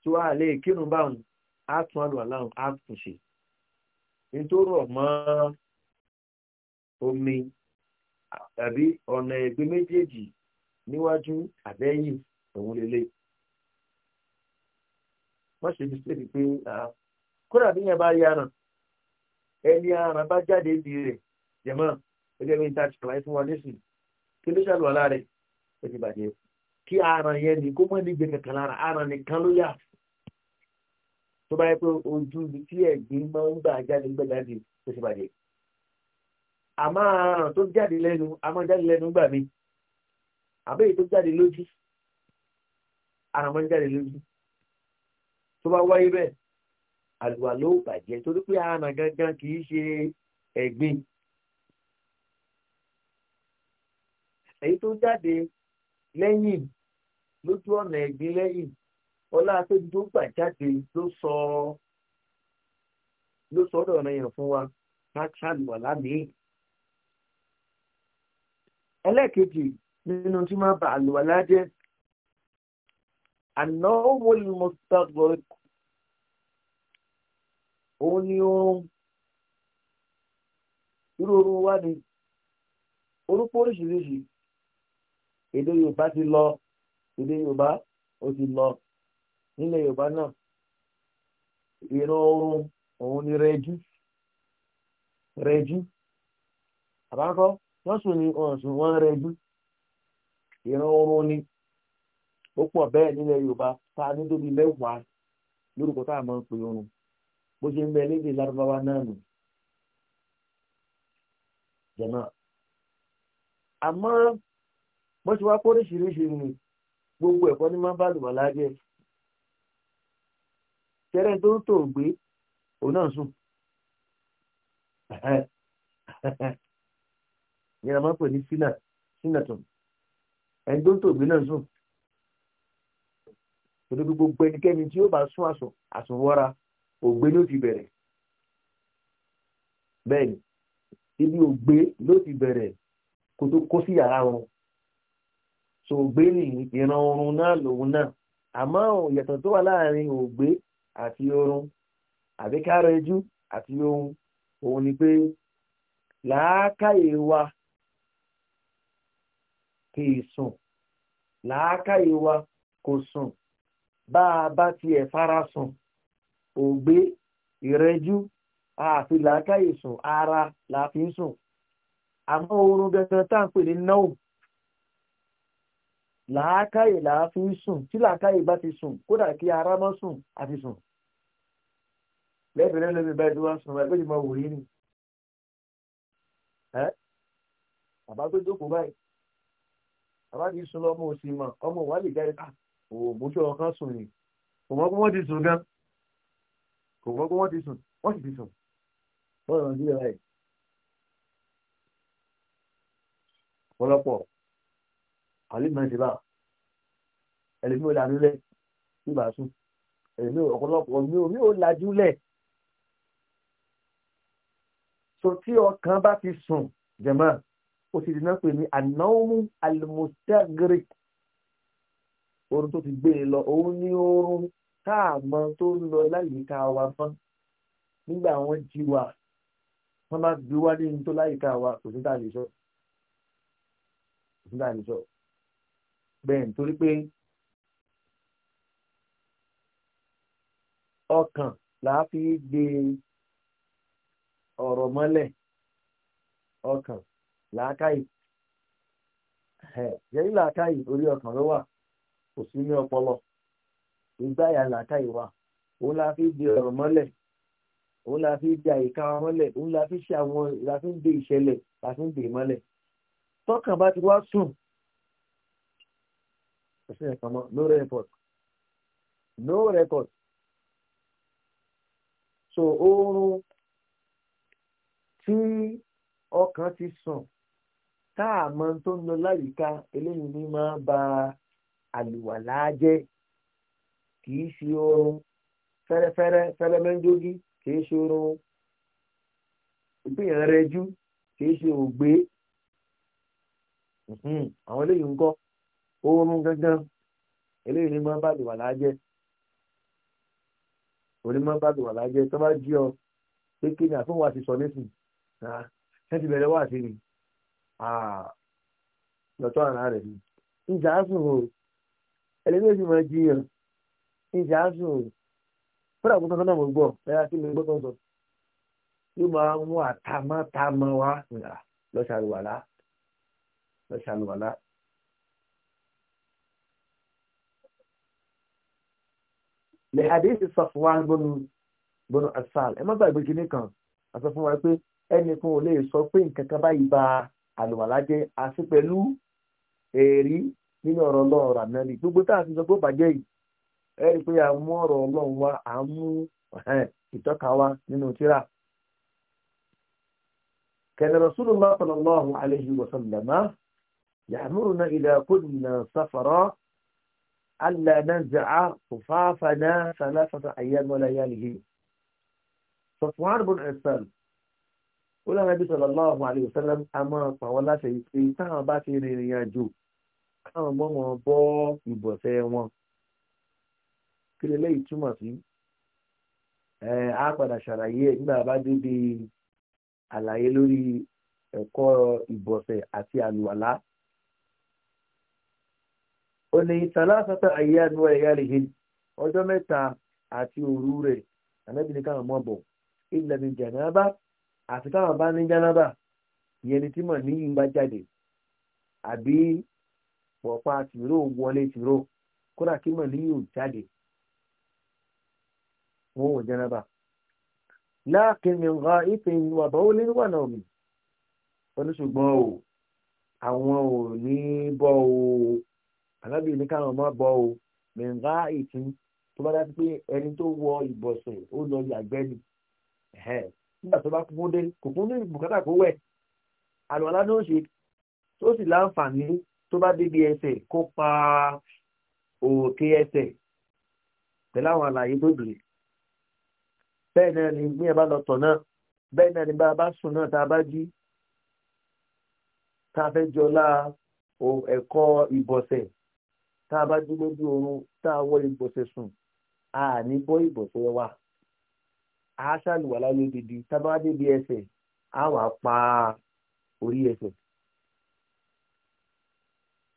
tí wàá lè kírun báwọn á tún àlùwà láwọn á tún ṣe nítorí ọ̀mọ́ omi tàbí ọ̀nà ẹ̀gbẹ́ méjèèjì níwájú àbẹ́yìn òun lélẹ̀. wọ́n ṣe ti ṣe pé kódà bí yẹn bá rí aràn ẹni aràn bá jáde di rẹ̀ jẹ̀mọ́ gẹ́gẹ́ bí ta ṣàlàyé fún wa nísìn kí ló ṣàlùwàlá rẹ̀ ó ti bàjẹ́ kí aràn yẹn ní kó mọ́ ní gbé kankan lára aràn nìkan ló yà tó bá yẹ pé ojú ibi tí ẹ̀gbin máa ń gbà jáde gbẹ̀dáde ó ti bàjẹ́ àmọ́ aràn tó jáde lẹ́nu àmọ́ jáde lẹ́nu gbà mí àbẹ́yẹ tó jáde lójú aràn máa ń jáde lójú tó bá wáyé bẹ́ẹ̀ àlùwà ló bàjẹ́ torí pé aràn gangan kì í ṣe ẹ̀gbin. èyí tó jáde lẹ́yìn lójú ọ̀nà ẹ̀gbin lẹ́yìn ọlá tóbi tó gbà jáde ló sọ ló sọ ọ̀dọ̀ ọ̀nà yẹn fún wa ká ṣàlùwà lámìí. ẹlẹ́ẹ̀kejì nínú tí máa bà àlùwà lájẹ́ àná ó wọlé mọ́tò òun ni ohun irú oorun wá ni orúkọ oríṣiríṣi èdè yorùbá ti lọ èdè yorùbá ó ti lọ nílẹ̀ yorùbá náà ìran oorun òun ni rẹjú rẹjú àbákọ́ wọ́n sùn ní ọ̀sùn wọ́n rẹjú ìran oorun ni ó pọ̀ bẹ́ẹ̀ nílẹ̀ yorùbá ta ní tóbi mẹ́wàá lórúkọ tá a máa ń pè oorun bó ṣe ń bẹ lédè lárúbáwá náà nù jẹ̀mọ́ àmọ́ bó ṣe wá póríṣiríṣi ni gbogbo ẹ̀kọ́ ní máa bá lùmọ̀ lájẹ́ tẹ́rẹ́ tó ń tò gbé òun náà sùn [LAUGHS] yẹn a máa pè ní sínà sínà tó ẹni tó ń tò gbé náà sùn tòdó gbogbo ẹnikẹ́ni tí ó bá sún àsùn àsùnwọ́ra ògbé ló ti bẹ̀rẹ̀ bẹ́ẹ̀ ni ibi ògbé ló ti bẹ̀rẹ̀ kó tó kó sí yàrá wọn so ògbé ni ìran oorun náà lòun náà àmọ́ ìyàtọ̀ tó wà láàrin ògbé àti oorun àbí káàrọ ẹjú àti ohun òun ni pé làákàyè wa kì í sùn làákàyè wa kò sùn bá a bá tiẹ̀ fara sùn ògbé ìrẹ́jú àfi làákàyè sùn ara la fi ń sùn àmọ́ oorun gẹ́gẹ́ tá à ń pè ní náà làákàyè là á fi ń sùn tí làákàyè bá ti sùn kódà kí ara mọ́ sùn àti sùn lẹ́bẹ̀rẹ̀ lómi bá ẹ̀dùn wá sùn ẹgbẹ́ ìmọ̀ wò yín ni ẹ́ bàbá tó jókòó báyìí bàbá ti sùn lọ́mọ òsì mọ̀ ọmọ ìwádìí jáde ká òògùn tí ọkàn sùn ni òmọ́ pé wọ́n ti sùn gan-an kò mọ́ pé wọ́n ti sùn wọ́n sì ti sùn wọ́n lọ sí ìlera ẹ̀. ọ̀pọ̀lọpọ̀ àlìmọ̀ ti bá ẹlẹ́mi ò lànú lẹ̀ tí bàá sùn ẹlẹ́mi ọ̀pọ̀lọpọ̀ mi ò mi ò lajú lẹ̀. so tí ọkàn bá ti sùn jẹ̀mọ́ ó sì dínà pé ní anáwó alimọ̀tẹ́gírí orun tó ti gbé e lọ òun ní oorun tá a mọ tó ń lọ láyìíká wa mọ́ nígbà wọ́n jí wa wọ́n bá gbé wá ní tó láyìíká wa kò sí dáa lè sọ kò sí dáa lè sọ bẹ́ẹ̀ nítorí pé ọkàn là gbé ọ̀rọ̀ mọ́lẹ̀ ọkàn làákàyè yẹ́yìn làákàyè orí ọkàn ló wà kò sí ní ọpọlọ ìgbáyà làákàyè wa òun la fi di ọ̀rọ̀ mọ́lẹ̀ òun la fi di àyíká wa mọ́lẹ̀ òun la fi ṣe àwọn la fi ń de ìṣẹ̀lẹ̀ la fi ń de mọ́lẹ̀ tọ́kàn bá ti wá sùn ẹ̀sìn no record no record so oorun tí ọkàn ti sùn tá a mọ tó ń lọ láyìíká eléyìí ni máa ba àlùwàlá jẹ́ kì í ṣe oorun fẹ́rẹ́fẹ́rẹ́ fẹ́lẹ́mẹ́ńdógí kì í ṣe oorun ìpínyàn rẹjú kì í ṣe ògbé àwọn eléyìí ń kọ́ oorun gangan eléyìí ni máa bá lè wà lájẹ́ òní máa bá lè wà lájẹ́ tó bá jí ọ pé kí ni àfihàn wa ti sọ nísìn ẹ ti bẹ̀rẹ̀ wá sí ni lọ́tọ́ àná rẹ̀ ni ìjà sùn o ẹlẹ́gbẹ̀ẹ́ sì máa jiyàn ìjà aṣọ fúnra gbọ́dọ̀ sọ́nà mo gbọ́ ẹ̀yà kí mi gbọ́dọ̀ sọ yóò máa mú àtàmọ́tàmọ́ wá lọ́ṣàlùwàlá lọ́ṣàlùwàlá. lè àdéhìí sọ fún wa gbọ́nu gbọ́nu asal ẹ má gbàgbé kinní kan a sọ fún wa pé ẹnì kan ò lè sọ pé nǹkan kan báyìí ba àlùwàlá jẹ́ àti pẹ̀lú èrí nínú ọ̀rọ̀ ọlọ́run ànábì gbogbo táà ti sọ pé ó bàjẹ́ yìí ẹ rí i pé a mú ọ̀rọ̀ ọlọ́run wá a mú ìtọ́ka wá nínú tírà. كان رسول الله صلى الله عليه وسلم يأمرنا إذا كنا سفرا ألا ننزع خفافنا ثلاثة أيام ولياليه صفوان بن عسال ó lára bí sallallahu alayhi wa a máa pa wọn láṣẹ bá ti rìnrìn àjò káwọn mọ́ wọn bọ́ ìbọ̀sẹ̀ wọn kí lè léyìí túmọ̀ sí a padà ṣàlàyé ẹ̀ nígbà bá débi àlàyé lórí ẹ̀kọ́ ìbọ̀sẹ̀ àti àlùwàlá. ó ní tàlásátà ayé àánú ẹ̀yà rèé ọjọ́ mẹ́ta àti òru rẹ̀ ànábì ní káwọn mọ̀ bọ̀ ilẹ̀ ní jẹ̀nàbà àti káwọn bá ní jẹ̀nàbà ìyẹn ni tí mọ̀ ní ìgbà jáde àbí pọ̀pá tìró wọlé tìró kódà kí mọ̀ ní yóò jáde wọn ò jẹnaba láàkín mi ra ìfẹ́ ìwà bọ́ ó lé wà náà mi wọn ní ṣùgbọ́n o àwọn ò ní bọ́ o alábìyẹn ní káwọn ọmọ bọ́ o mi ra ìfín tó bá dá pé ẹni tó wọ ìbọ̀sẹ̀ ó lọ yàgbẹ́ ni nígbà tó bá kúkú dé kò fún ní bùkátà kó wẹ̀ àlùwàlá ló ń ṣe tó sì láǹfààní tó bá débi ẹsẹ̀ kó pa òkè ẹsẹ̀ pẹ̀lú àwọn àlàyé bẹ́ẹ̀ náà ni bí ẹ bá lọ tọ̀ náà bẹ́ẹ̀ náà ni bá a bá sùn náà tá a bá jí tá a fẹ́ jọlá ẹ̀kọ́ ìbọ̀sẹ̀ tá a bá jí lójú oorun tá a wọ ìbọ̀sẹ̀ sùn a ní bọ́ ìbọ̀sẹ̀ wa a ṣàlùwàlá lódìdí tá a bá débi ẹsẹ̀ a wà pa orí ẹsẹ̀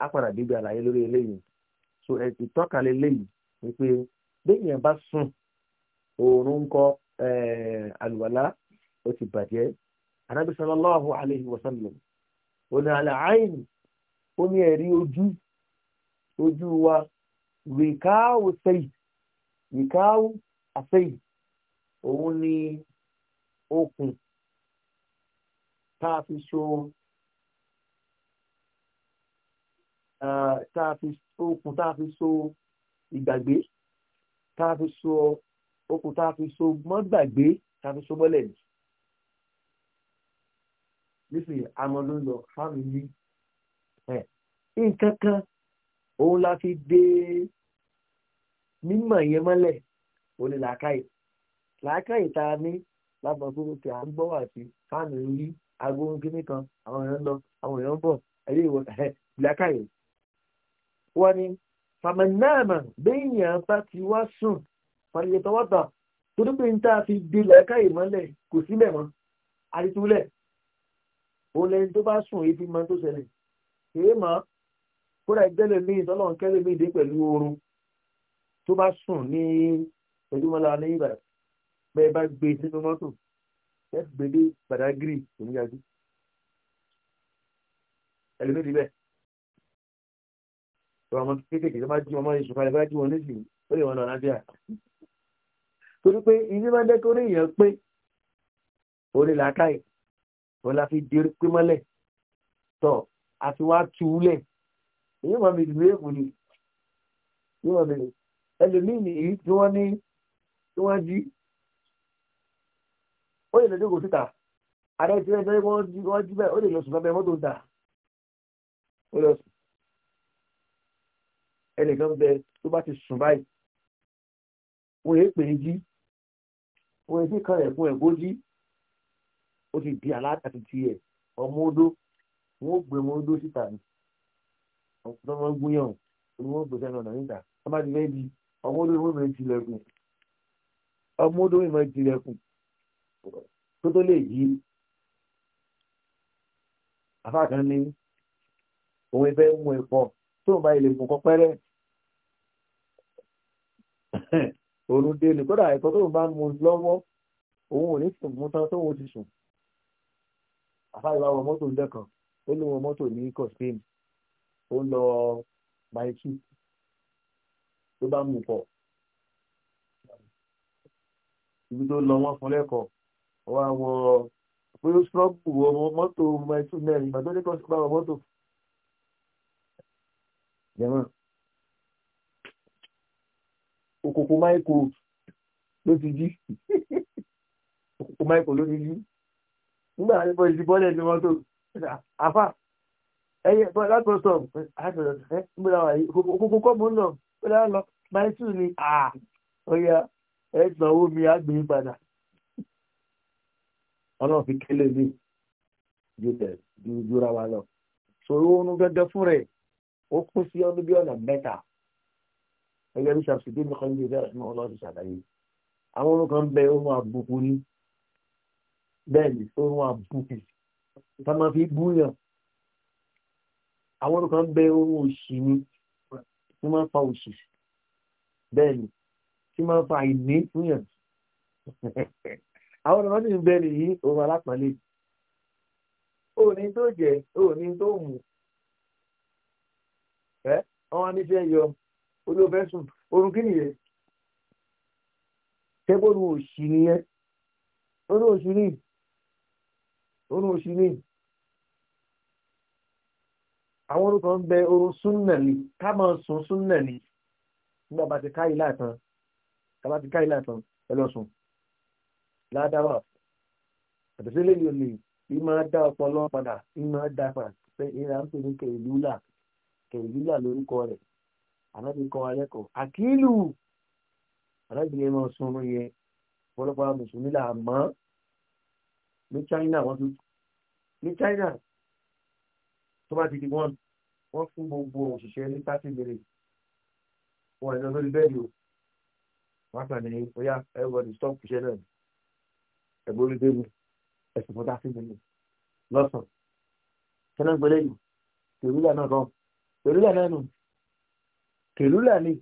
a padà débi àlàyé lórí eléyìí so ìtọ́kàlẹ̀ eléyìí ni pé bá sùn oorun kọ́ àlùwàlá eh, ó ti bàjẹ́ anábì sallallahu alayhi wa sallam ó ní àlà àìní ó ní ẹ̀rí ojú ojú wa wìkáwù sẹ́yì wìkáwù àsẹ́yì òun ni okùn okùn tá a fi so ìgbàgbé tá a fi so okùn tá a fi so mọ́ gbàgbé tá a fi so mọ́lẹ̀ ní. nísìnyí àmọ́ ló ń lọ fáwọn ilé ẹ̀ nǹkan kan òun la fi dé mímọ̀ yẹn mọ́lẹ̀ òun ni làákàyè làákàyè tá a ní lábọ̀ fún mi tí à ń gbọ́ wà sí fáànù yìí aago ń kíní kan àwọn èèyàn lọ àwọn èèyàn bọ̀ ẹ̀yẹ ìwọ ẹ̀ làákàyè. wọ́n ní fàmìnàmà béèyàn bá ti wá sùn fàlìyẹ tọwọ́tà torí pé n tá fi di lẹ́ka ìmọ́lẹ̀ kò sílẹ̀ mọ́ àdìtúlẹ̀ òun lẹni tó bá sùn èyí fi mọ tó ṣẹlẹ̀ èyí mọ́ kódà ìgbẹ́lẹ̀ mi ìtọ́lọ́ kẹ́lẹ̀ mi dé pẹ̀lú oorun tó bá sùn ní ojúmọ́lá ní ìbàdàn bẹ́ẹ̀ bá gbé e sínú mọ́tò ẹ gbé e dé Badagry oníyàjú ẹlòmídìí bẹ́ẹ̀ ọmọ kéékèèké tó bá jí ọmọ ìṣùkọ́ ẹ̀ bá jí wọn nísìnyí ó lè wọn lọ lábẹ́ à torí pé ìdí máa ń dẹ́ torí èèyàn pé orí làákàyè wọn la fi di pé mọ́lẹ̀ tọ̀ àti wá túlẹ̀ èyí máa bèrè ìwé èkó ni èyí máa bèrè ẹlòmíì nìyí tí wọ́n ní tí wọ́n jí ó lè lọ sí kò síta ààrẹ ti rẹ̀ pé wọ́n jí wọ́n jí bẹ́ẹ̀ ó lè lọ sùn lábẹ́ mọ́tò ń tà ó lọ sùn ẹnìkan bẹ tó bá ti sùn báyìí wọ́n yé pè é jí òun ẹ̀sìn kan rẹ̀ fún ẹ̀gbójí ó ti di aláta ti tiẹ̀ ọmọ odó wọn ò gbé ọmọ odó síta ni ọmọ gúnyàn wọn ò gbé sẹ́nu ọ̀nà níta ọmọ ti fẹ́ di ọmọ odó wọn máa tilẹ̀kùn ọmọ odó wọn máa tilẹ̀kùn tó tó lè yí afáàkàn ní òun ẹ̀fẹ́ mú ẹ̀pọ̀ tó ń bá ilé mú kọ́ pẹ́rẹ́ òun dé lè kódà ẹ̀kọ́ tó bá ń mu lọ́wọ́ òun ò ní sùn mú tán tó wọ́n ti sùn àfáìlà wọ mọ́tò lẹ́kan ó ló wọ mọ́tò ní kọ̀sípẹ́ẹ̀nì ó lọ máìkì tó bá mú pọ̀ ibi tó lọ wọ́n fún lẹ́kọ̀ọ́ wọ́n á pé ó sọ́ọ̀bù wọ mọ́tò máìkì mẹ́rin ìgbà tó ní kọ́sípẹ́ẹ̀nì wọ mọ́tò òkòkò máìkò ló ti jí òkòkò máìkò ló ti jí nígbà tí bọ́ọ̀lù ti bọ́ọ̀lù ẹni wọn tó àfà ẹyẹ láti bọ́ sọ̀rọ̀ àti ọ̀rọ̀ ẹ múra wà yìí òkòkò kọ́ mọ́ náà ó dára lọ máìtù ni à ọ̀yà ẹ sanwó mi àgbìn padà ọlọ́run fi kélé mi ju tẹ̀ ju jura wa lọ sọ̀rọ̀ oorun gẹ́gẹ́ fún rẹ̀ ó kún sí ọdún bí ọ̀nà mẹ́ta ẹgbẹ́ bí ṣàfìdí nìkan ní ìdá ìmọ̀ ọlọ́run ṣàlàyé àwọn ohun kan bẹ ohun àbùkù ni bẹ́ẹ̀ ni ohun àbùkù tá máa fi búyàn àwọn ohun kan bẹ ohun òṣì ni tí máa ń fa òṣì bẹ́ẹ̀ tí máa fa àìní fúnyàn àwọn ohun kan ń bẹ nìyí ohun alápàlẹ́ òní tó jẹ òní tó mú ẹ wọn ní fẹ́ yọ olóòfẹ́ sùn oorun kí nìyẹn tẹ́gbọ́n òṣì nìyẹn oorun òṣì ni oorun òṣì ni àwọn orúkọ ń bẹ oorun súnnà ni ká máa sùn súnnà ni nígbà bá ti káyìí láàtàn ká bá ti káyìí láàtàn ẹ lọ sùn ládàwà àtẹ̀sílẹ̀ yìí ò bí máa dá ọpọlọ padà bí máa dá padà pé ìlànà ń pè ní kẹ̀lúlà kẹ̀lúlà lórúkọ rẹ̀ ànábì ń kọ́ wa lẹ́kọ̀ọ́ àkílù ànábì yẹn máa sun oorun yẹn ọ̀pọ̀lọpọ̀ mùsùlùmí ni China wọ́n tún ní China tó bá ti di wọ́n wọ́n fún gbogbo òṣìṣẹ́ ní thirty minutes wọ́n ẹ̀ lọ lórí bẹ́ẹ̀lì o wọ́n kàn ní oya everybody stop iṣẹ́ náà ẹ̀gbọ́n orí bẹ́ẹ̀lì ẹ̀sìn fún thirty minutes lọ́sàn-án kí náà gbélé yìí tèrúlà náà kàn tèrúlà náà nù kèlúlà ni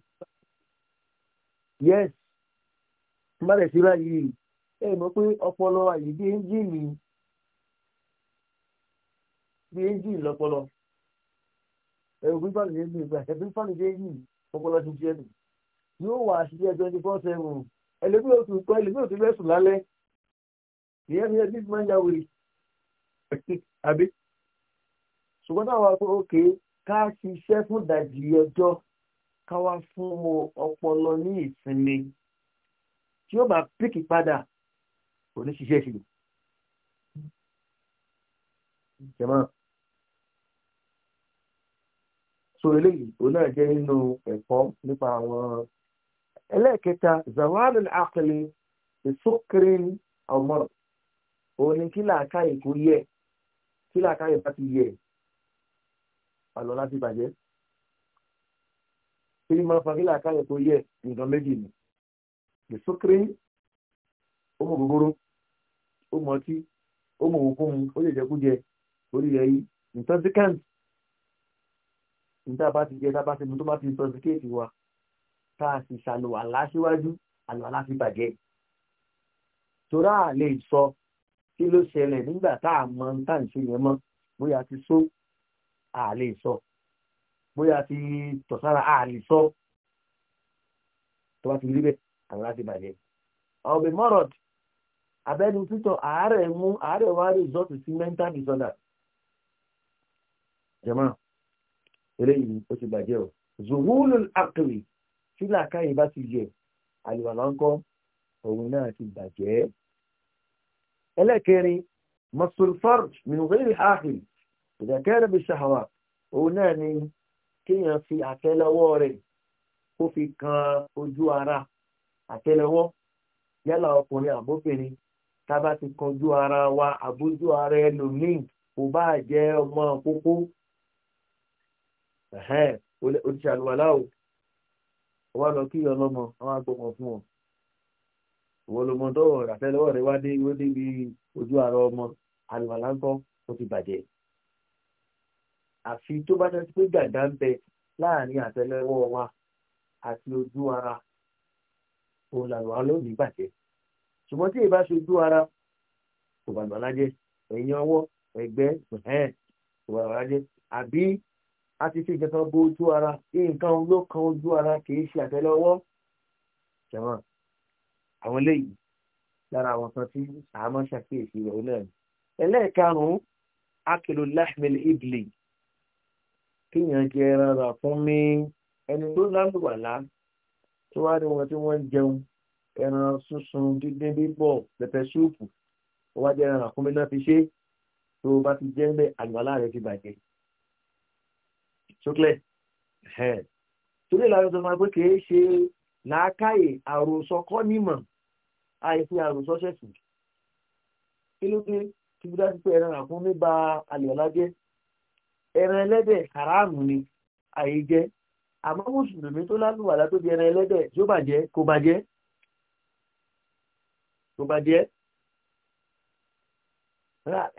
yes mbàdẹ̀ sí báyìí ẹ mọ̀ pé ọpọlọ àyè bí ẹ́ńjìnì bí ẹ́ńjìnì lọ́pọlọ ẹ̀rù pípàlù ní ẹ́ńjìnì gbà ẹ̀rù pípàlù ní ẹ́ńjìnì ọpọlọ ti ṣe ẹ̀dùn yóò wà sílẹ̀ twenty four seven ẹlẹ́bí ò tún kọ́ ẹlẹ́bí ò tún lẹ́sùn lálẹ́ ìyẹn fi ẹbí máa ń ya wèrè àbí ṣùgbọ́n táwọn akọ́ òkè ká ṣiṣẹ́ fún ìdajì ọjọ́ ká wá fún ọpọlọ ní ìsinmi tí ó bá píkì padà kò ní ṣiṣẹ́ ṣe. jẹ́mọ́ so eléyìí òun náà jẹ́ nínú ẹ̀kọ́ nípa àwọn ẹlẹ́ẹ̀kẹta zawal al-aqli ìsókèrèni ọmọrọ òun ni kí làákàyè kò yẹ kí làákàyè bá ti yẹ àlọ́ láti bàjẹ́ torí máa fagilé àkáyọ̀ tó yẹ nǹkan méjì ni ìsókèrè ó mọ gbogbooro ó mọ ọtí ó mọ òkú mu ó lè jẹkújẹ orí rẹ yìí intoxicant níta bá ti jẹ tá bá ti mu tó bá ti intoxicate wa tá a sì ṣàlùwà láṣíwájú àlùwà láti bàjẹ́ torá lè sọ kí ló ṣẹlẹ̀ nígbà tá a mọ tá à ń ṣe yẹn mọ́ bóyá ti só à lè sọ. So bóyá ti tọ̀sára àlè sọ tó bá ti rí bẹ́ẹ̀ àwọn láti bàjẹ́. àwọn òbí mọ́rọ̀d abẹ́ni títọ̀ àárẹ̀ mú àárẹ̀ wá resort sí mental disorder. jama eléyìí ó ti bàjẹ́ o zuhulu akiri tí làákàyè bá ti yẹ àlùwàlá ńkọ́ òun náà ti bàjẹ́. ẹlẹ́kẹrin masulfarj minugayri ahil ìdàkẹ́rẹ́ bí ṣahawat òun náà ni kéèyàn fi àtẹ́lẹwọ́ rẹ̀ kó fi kan ojú ara àtẹ́lẹwọ́ yálà ọkùnrin àbóbìnrin tá ti kan ara wa àbójú ara ẹlòmíì kò bá jẹ́ ọmọ kókó oníṣàlùwàlá o wọ́n lọ kí ọlọ́mọ àwọn agbọmọ fún ọ ìwọ́n lọmọ tọwọ́ àtẹ́lẹwọ́ wá dé ibi ojú ara ọmọ àlùwàlá ńkọ́ ó ti bàjẹ́ àfi tó bá ṣáà ti pé gàdá ń bẹ láàrin àtẹ́lẹwọ́ wa àti ojú ara òun làwọn alóòní bàjẹ́ ṣùgbọ́n tí ìbá ṣe ojú ara kò bàbá lájẹ ẹ̀yìn ọwọ́ ẹ̀gbẹ́ ẹ̀hẹ́n kò bàbá lájẹ àbí a ti fi ìjọba bo ojú ara nǹkan ló kan ojú ara kì í ṣe àtẹ́lẹwọ́ jẹ̀wọ́n àwọn eléyìí lára àwọn kan tí àmọ́ ṣàkíyèsí rẹ̀ ó náà ẹlẹ́ẹ̀karùn-ún akèlò láhmẹ́lì iblis kéèyàn jẹ ẹran rà fún mi ẹni tó lálùwàlá tó wá ní wọn tí wọ́n ń jẹun ẹran sísun dídín bíbọ̀ pẹpẹ súùpù ó wá jẹ ẹran rà fún mi náà fi ṣe tó o bá ti jẹ́ ń bẹ́ àlùwàlá rẹ ti bàjẹ́ ṣókè torí ìlànà tó máa pé kìí ṣe làákàyè àròsọ kọ́ nímọ̀ àìsí àròsọ ṣẹ̀sìn kí ló dé tí bí dájú pé ẹran rà fún mi ba àlùwàlá jẹ́ ẹran ẹlẹ́dẹ̀ haramu ni àyè jẹ́ àmọ́ mùsùlùmí tó lálùwàlá tó ẹran ẹlẹ́dẹ̀ tí ó bàjẹ́ kò bàjẹ́ kò bàjẹ́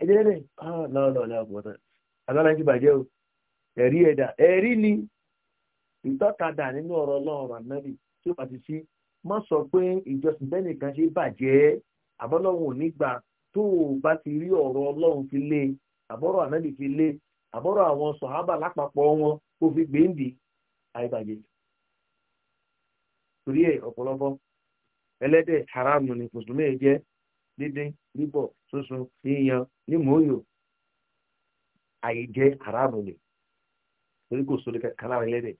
ẹjẹ́ rẹ̀ lọ́lọ́lọ́ ọ̀pọ̀tọ̀ agbára ti bàjẹ́ o ẹ̀rí ẹ̀dà ẹ̀rí ni ìtọ́kadà nínú ọ̀rọ̀ ọlọ́run ànábì tí ó bá ti sí má sọ pé ìjọsìn bẹ́ẹ̀ nìkan ṣe bàjẹ́ àbọ́lọ́run ò tó o bá ti rí ọ̀rọ̀ ọlọ́run fi lé àbọ́rọ̀ fi lé àbọ̀rọ̀ àwọn sọ̀hábà lápapọ̀ wọn kó fi gbèǹdì àìbàjẹ́ torí ẹ̀ ọ̀pọ̀lọpọ̀ ẹlẹ́dẹ̀ haramu ni mùsùlùmí ẹ̀ jẹ́ dídín bíbọ̀ sunsun yíyan ní mòóyò àìjẹ́ haramu ni torí kò sóde kankan lára ẹlẹ́dẹ̀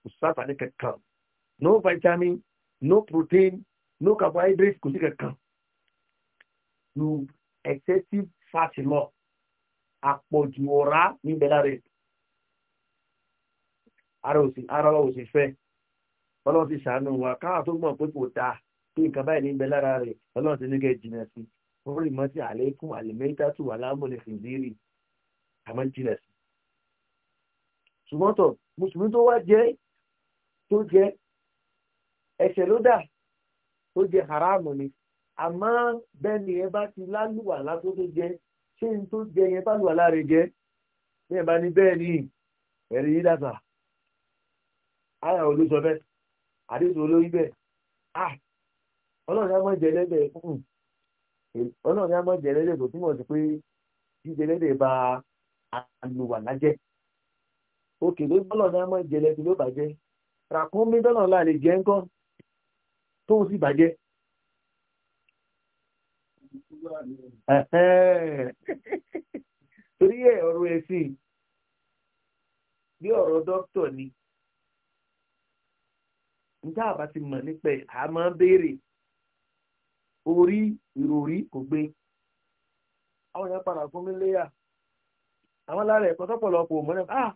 kò sáfàdé kankan no vitamin no protein no carbohydrate kò sí kankan you excessive fat loss àpọ̀jù ọ̀rá níbẹ̀ lára ẹ̀ ara wa ò sì fẹ́ ọlọ́run ti ṣàánú wa káwà tó mọ̀ pé kò dáa pé nǹkan báyìí níbẹ̀ lára rẹ̀ ọlọ́run ti ní kẹ́ jìnà sí orí mọ́ sí àlékún àlèmẹ́ta tù wà láàmú ní fìdírì àmọ́ jìnà sí. ṣùgbọ́n tó mùsùlùmí tó wá ẹ̀ṣẹ̀ ló dà tó jẹ́ haramu ni àmọ́ bẹ́ẹ̀ ni ẹ bá ti lálùwà látó tó jẹ́ ṣé n tó jẹ yẹn sálùwà láre jẹ bí ẹ bá ní bẹ́ẹ̀ ni ẹ̀rí yí dàgbà ara ò sọ bẹ́ẹ̀ àdéhùn olórí bẹ́ẹ̀ ah ọlọ́run á mọ̀ jẹ lẹ́dẹ̀ hmm. ọlọ́run á mọ̀ jẹ lẹ́dẹ̀ tó túmọ̀ sí pé jíjẹ lẹ́dẹ̀ ba àlùwà lájẹ́ òkè ló ọlọ́run á mọ̀ jẹ lẹ́dẹ̀ ló bàjẹ́ ràkúnmí dọ́là láàrin jẹ́ ńkọ́ tó sì bàjẹ́. Eh, eh. torí ẹ̀ ọ̀rọ̀ ẹ̀sìn bí ọ̀rọ̀ dókítọ̀ ni níta àbá ti mọ̀ nípa ẹ̀ a máa béèrè orí ìròrí kò gbé àwọn èèyàn padà fún mi léyà àwọn lára ẹ̀kọ́ tọ́pọ̀lọpọ̀ náà ah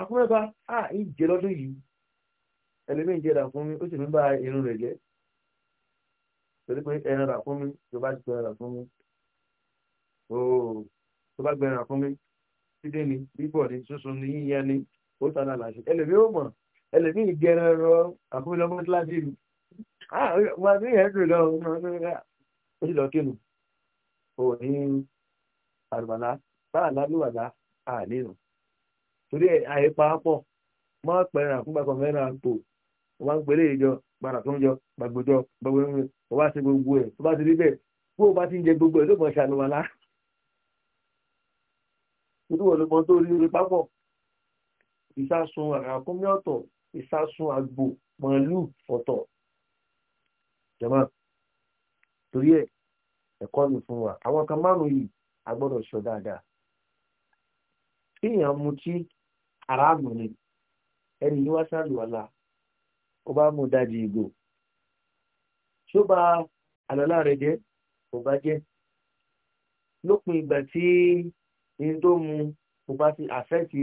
àkúrẹ́bà ah ìjẹ́ lọ́dún yìí ẹlẹ́mìí fún mi ó sì bá irun rẹ̀ torí pé ẹran rà fún mi tó bá gbẹ ẹran fún mi ooo tó bá gbẹ ẹran fún mi dídé ni bíbọ̀ ni sunsun ni yíyá ni ó ta náà làṣẹ ẹlẹ́mi ó mọ̀ ẹlẹ́mi ìgẹrẹ rọ àfúnilọ́mọ kíláàsì mi wà ní ẹ̀ẹ́dùn lọ ó sì lọ kínu ò ní àrùbàlá báà lálùwàlá àlérò torí àyè pàápọ̀ mọ́ pẹ̀rẹ̀ àfúngbàkọ̀ mẹ́rin àpò wọ́n ń pèlè ìjọ gbàrà tó ń jọ gbàgbọ́jọ gbàgbọ́jọ tó bá ṣe gbogbo ẹ̀ tó bá ti rí bẹ́ẹ̀ bó o ti ń jẹ gbogbo ẹ̀ ló mọ̀ ṣàlùwàlá irúwọ̀ ló mọ tó rí orí pápọ̀ ìsásun àràkúnmí ọ̀tọ̀ ìsásun àgbò màálù ọ̀tọ̀ jàmá torí ẹ̀ ẹ̀kọ́ mi fún wa àwọn kan márùn yìí a gbọ́dọ̀ sọ dáadáa kíyàn mutí aráàlú ni ẹni yìí wá sáàlù ó bá mú dájú ìgò ṣó ba àlọ́lá rẹ̀ jẹ́ kò bá jẹ́ lópin ìgbà tí ní tó mu kò bá ti àfẹ́tì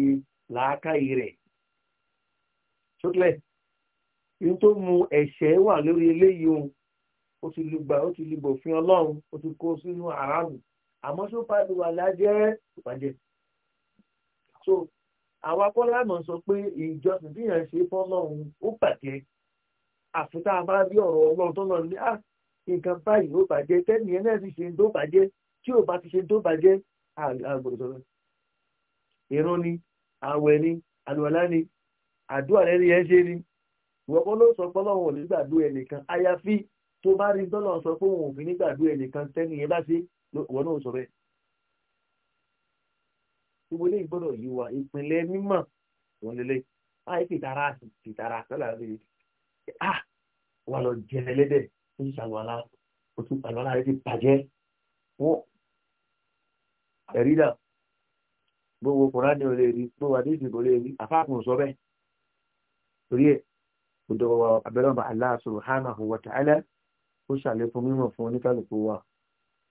làákàyè rẹ̀ ṣókẹ́lẹ̀ ní tó mu ẹ̀ṣẹ̀ wà lórí eléyìí o ó ti lùgbà ó ti lùgbò fún ọlọ́run ó ti kó sínú àràmù àmọ́ ṣó bá lu àlá jẹ́ kò bá jẹ́ so àwa kọ́lá mọ̀ sọ pé ìjọsìn tí yẹn ṣe fọ́lọ́run ó bàjẹ́ àfitá a bá rí ọ̀rọ̀ ọlọ́run tó lọ́run ní à ah, nǹkan báyìí ó bàjẹ́ tẹ́ni ẹ̀ náà sì ṣe tó bàjẹ́ tí ò bá ti ṣe tó bàjẹ́ àgbọ̀dọ̀sọ̀rọ̀ ìrun ni àwẹ̀ ni àlùwàlá ni àdúrà rẹ̀ ni ẹ̀ ṣe ni ìwọ́pọ̀ ló sọ pé ọlọ́run ò ní gbàdú ẹnìkan àyàfi tó bá rí dọ́là sọ pé òun ò fi ní gbàdú ẹnìkan tẹ́ni ẹ̀ bá ṣe wọ́n náà sọ bẹ́ẹ̀ gbogbo eléyìí gbọ́dọ̀ yí wa ìpínlẹ̀ mímọ̀ wọn lélẹ̀ àìsí ah wà lọ jẹ ẹlẹ́dẹ̀ ó sì ṣàlùwàlá ó tún àlùwàlá rẹ ti bàjẹ́ wọ́n ẹ̀rí náà gbogbo kùránì ò lè rí gbogbo àdéhùn ò lè rí àfáàkùn sọ bẹ́ẹ̀ torí ẹ̀ òdòwò abẹ́rẹ́ ọba Allah subhanahu wa ta'ala ó ṣàlékún mímọ̀ fún oníkálùkù wa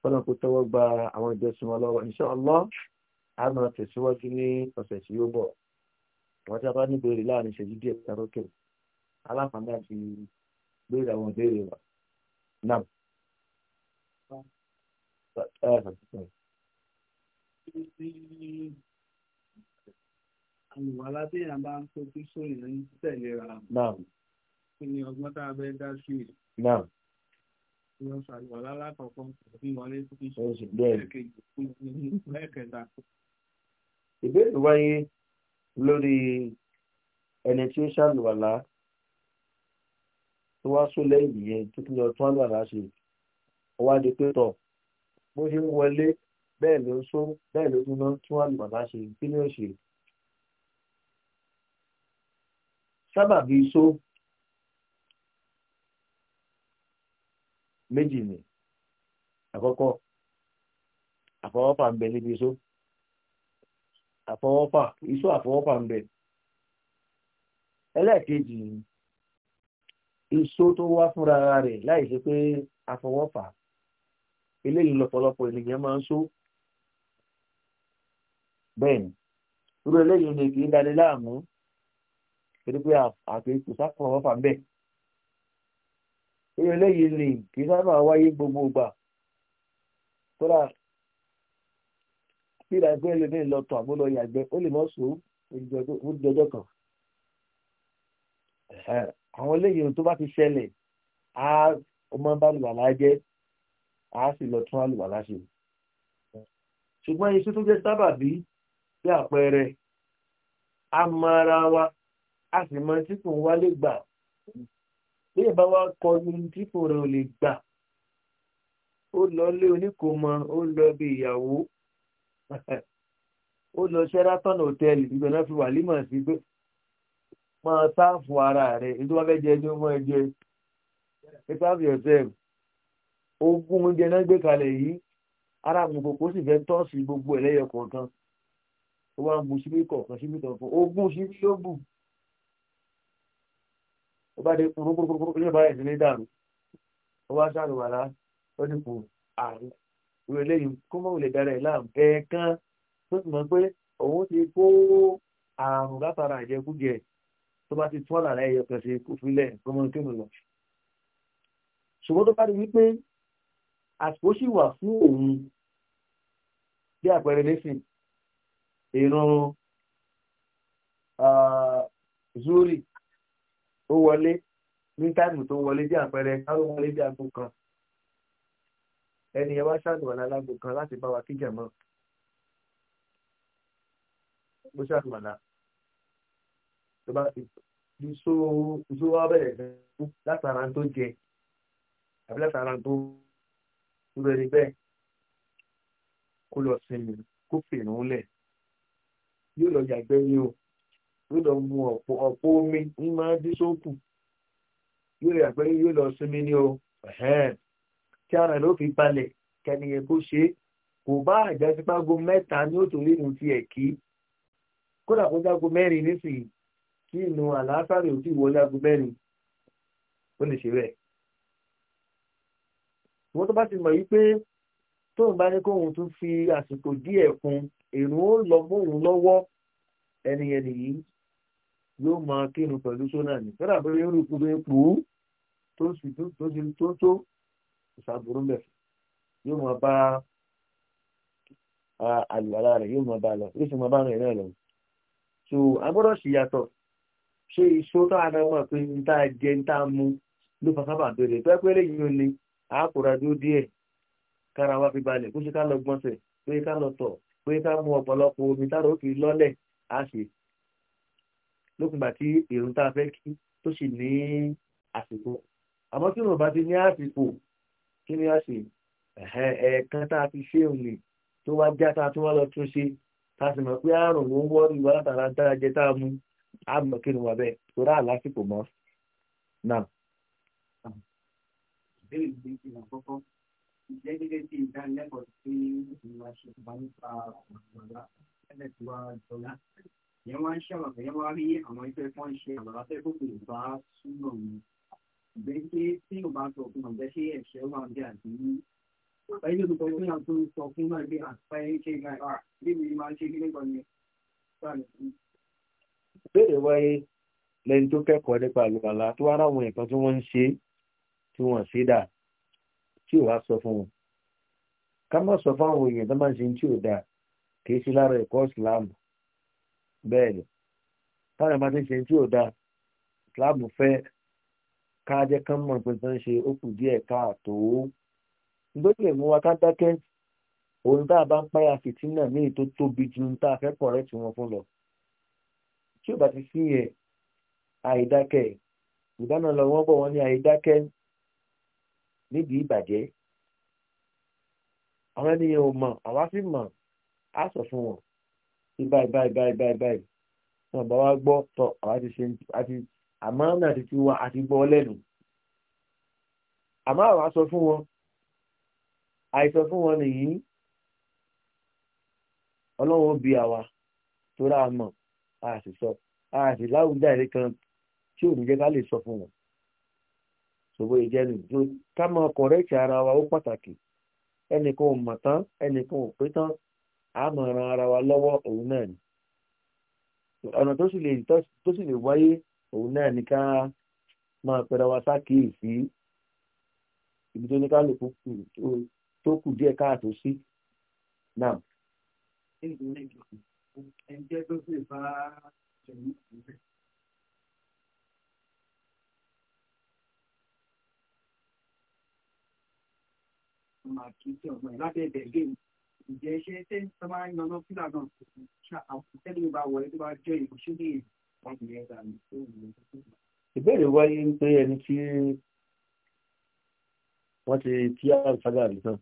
fọ́nà kó tọ́wọ́ gba àwọn ìjọsìn wọn lọ́wọ́ insha Allah a máa tẹ̀síwájú ní ọ̀sẹ̀ tí yóò bọ̀ wọ́n tí a bá níbèrè láàrin ìṣẹ́jú díẹ̀ tàrókè aláǹfààní àti béèrè àwọn ìbéèrè wa náà. Àwọn wàhálà tí èèyàn bá ń fojú sóyè ń tẹ̀lé ra. Kí ni ọgbọ́n tá a fẹ́ dá sí i? Wọ́n ṣàlùwàlá lákọ̀ọ́kọ́ bí wọlé fún iṣẹ́ ìkejì fún ẹ̀kẹta. Ìbéèrè wáyé lórí ẹni tí ó ṣàlùwàlá tó wá sún lẹ́yìn yẹn tó kí ni ọtún àlùwàlá ṣe ó wá di pé tọ̀ bó ṣe ń wọlé bẹ́ẹ̀ ló ń sún bẹ́ẹ̀ ló tún náà tún àlùwàlá ṣe kí ni ó ṣe. sábàbí só méjì ni àkọ́kọ́ àfọwọ́fà ń bẹ níbi iṣó àfọwọ́fà iṣó àfọwọ́fà ń bẹ ẹlẹ́ẹ̀kejì iṣó tó wá fúnra rẹ̀ láì ṣe pé afọwọ́fà eléyìí lọ́pọ̀lọpọ̀ ènìyàn máa ń só bẹ́ẹ̀ ni irú eléyìí ni kì í dání láàmú torí pé àti kò sáfọwọ́fà ń bẹ̀ irú eléyìí ni kì í sábà wáyé gbogbo ìgbà kódà bí ìdájọ́ ẹlẹ́mìí lọ tọ̀ àbúlọ yàgbẹ́ ó lè mọ́ sùn ó jọjọ́ kan àwọn eléyìí tó bá ti ṣẹlẹ̀ á ọmọ bá lùwàlá jẹ́ á sì lọ tún àlùwàlá ṣe ṣùgbọ́n iṣẹ́ tó jẹ́ sábàbí bí àpẹẹrẹ a mọ ara wa a sì mọ tí kò wá lè gbà bí ìbá wa kọ ní tí kò rẹ̀ ò lè gbà ó lọ lé oníkòmọ ó lọ bí ìyàwó [LAUGHS] ó lọ Sheraton hotel ìgbẹ́ náà fi wà límọ̀ sí pé máa sáàfù ara rẹ̀ ní tó bá fẹ́ jẹ ní ọmọ ẹjẹ take care of yourself ogún oúnjẹ náà gbé kalẹ̀ yìí ara gbogbo kó sì fẹ́ tọ́ sí gbogbo ẹlẹ́yọ kọ̀ọ̀kan tó wá ń bu síbí kọ̀ọ̀kan síbí kọ̀ọ̀kan ogún síbí ló bù ó bá dé kúrúkúrúkúrú ilé ìbára ìdílé dàrú ó wá sàrùwàlá ó ní kò àrùn ìwé lẹ́yìn kó mọ̀ wùlẹ̀ dára ẹ̀ láàm ẹ̀ẹ̀kan tó sì mọ̀ pé òun ti kó àrùn látara ìjẹkújẹ tó bá ti tún àlàyé ẹyọ kan ṣe kó filẹ̀ ọmọ tó lò lọ. ṣùgbọ́n tó bá rí wípé àsìkò sì wà fún òun bí àpẹẹrẹ lẹ́sìn ìrun zuri ó wọlé ní táìmù tó wọlé bí àpẹẹrẹ káró wọlé bí aago kan ẹni ẹ wá ṣàdùn kan láti bá wa kíjà mọ́. Mo ṣàdùn tó bá ti ìṣó ìṣó wa bẹ̀rẹ̀ fún látara tó jẹ àbí látara tó tó rẹ̀ níbẹ̀ kó lọ sinmi kó fèrè ńlẹ̀ yóò lọ yàgbẹ́ ni o yóò lọ mu ọ̀pọ̀ ọ̀pọ̀ omi ń máa dín sóòpù yóò lọ yàgbẹ́ yóò lọ sinmi ni o tí ara ló fi balẹ̀ kẹ́niyẹn kó ṣe kò bá àjẹsípágó mẹ́ta ní òtò lẹ́nu tiẹ̀ kí kódà kó jágo mẹ́rin nísìnyí kí inú àlàáfàrè ò tí wọlé aago mẹ́rin ó lè ṣe rẹ̀. ìwọ́n tó bá ti mọ̀ yí pé tóun bá ní kóun tún fi àsìkò díẹ̀ kun èrò ó lọ bóun lọ́wọ́ ẹni ẹni yìí yóò máa kírun pẹ̀lú sóná ní fẹ́rẹ̀ àbúrò yóò rí ikú ipò tó sì tó sì tó tó ìṣàbùrú mẹ́ yóò máa bá àlùbálà rẹ̀ yóò máa bá lọ yóò sì máa bá rìn náà lọ. so agbọ́dọ̀ ṣìyàtọ̀ ṣé iṣó tó àná mọ̀ pé n tá jẹ n tá mu ló fa sábà bẹ̀rẹ̀ tó ẹ pé lẹ́yìn òní àákùrà dúró díẹ̀ kára wa fi balẹ̀ kó ṣe ká lọ gbọ́nsẹ̀ pé ká lọ tọ̀ pé ká mu ọ̀pọ̀lọpọ̀ omi tára ó lọ́lẹ̀ á ṣe lókùngbà tí èrò tá fẹ́ kí tó sì ní àsìkò àmọ́ tí òun bá ti ní àsìkò kí ni a ṣe ẹ̀ẹ̀kan tá a ti ṣe òní tó wá já tá a tún wá lọ tún ṣe tá sì mọ̀ pé àrùn ló ń wọ́ọ̀rù ìwà látara dára jẹ tá a mú á mọ̀ kí ni wọ́n bẹ́ẹ̀ tó rà lásìkò mọ́ náà. ìbéèrè ìgbé ti hàn kọ́kọ́ ìjẹ́ gẹ́gẹ́ bí ìdánilẹ́kọ̀ọ́ tí ìwà ṣùgbọ́n nípa ọ̀gbọ̀nla ẹ̀lẹ́ tí wàá jọlá ìyẹn wá ń ṣàlàyé ìyẹn wá rí àwọn ẹgbẹ́ tí wọ́n ń ṣe àbàlá fẹ́ kó kèrè bá súnmọ́ mi ìgbé pé tí ò bá sọ fún ọ̀jẹ́ ṣé ẹ̀ṣẹ̀ wà ń bí àti ní ẹ̀yìn olùkọ́ tó yàn tó sọ fún náà ah, bí àpá ṣe gbà bí mi máa ń ṣe nígbà mi béèrè wáyé lẹ́ni tó kẹ́kọ̀ọ́ nípa àlùbàlà tó wá ráwọn nǹkan tí wọ́n ń ṣe tí wọ́n ṣe dà tí ò wá sọ fún wọn ká má sọ fáwọn èèyàn tó máa ń ṣe tí ò dà kì í ṣe lára ẹ̀kọ́ ìsìláàmù bẹ́ẹ̀ ni táwọn ẹ̀ máa ti ń ṣe tí ò dà ìsìláàmù fẹ́ ká jẹ́ kán mọ̀ pé tó ń ṣe ó kù díẹ̀ káàtó nítorí lè mú wa ká dákẹ́ ohun tá a bá ń páyà fìtínà míì tó tóbi ju ohun tá a fẹ́ kọ̀rẹ́ tí wọ́n fún lọ tí ò bá ti sí ẹ̀ àìdákẹ́ ìbáná lọ wọ́n bọ̀ wọ́n ní àìdákẹ́ níbi ìbàjẹ́ àwọn ènìyàn ò mọ̀ àwa sì mọ̀ á sọ fún wọn sí báyìí báyìí báyìí báyìí báyìí wọn bá wá gbọ́ tọ̀ àwa ti ṣe àti àmọ́ náà ti ti wá àti gbọ́ lẹ́nu àmọ́ àwa sọ fún wọn àìsọ fún wọn nìyí ọlọ́run ó bi àwa tó rà mọ̀ a sì sọ a sì láwùjá èrè kan tí ò ní jẹ́ ká lè sọ fún wọn ṣòwò ìjẹnu tó ká máa kọ̀rẹ́ẹ̀tì ara wa ó pàtàkì ẹnìkan ò mọ̀ tán ẹnìkan ò pé tán a máa ran ara wa lọ́wọ́ òun náà ni ọ̀nà tó sì lè tó sì lè wáyé òun náà ni ká máa pẹ̀rọ wa sákìyèsí ibi tó ní ká lè tó kù díẹ̀ káàtó sí náà ẹ̀jẹ̀ tó sì bá ṣẹ̀yìn síbẹ̀. lábẹ́ ẹ̀bẹ̀ lé ǹjẹ́ ṣé ṣé tó máa ń yanná fílà náà tẹ́lẹ̀ bá wọlé tó bá jẹ́ ìbùsùn ní ọ̀gbìn ẹ̀dá mi ìbéèrè wáyé ń pé ẹni tí wọ́n ti kí àlùfáàgà rí tán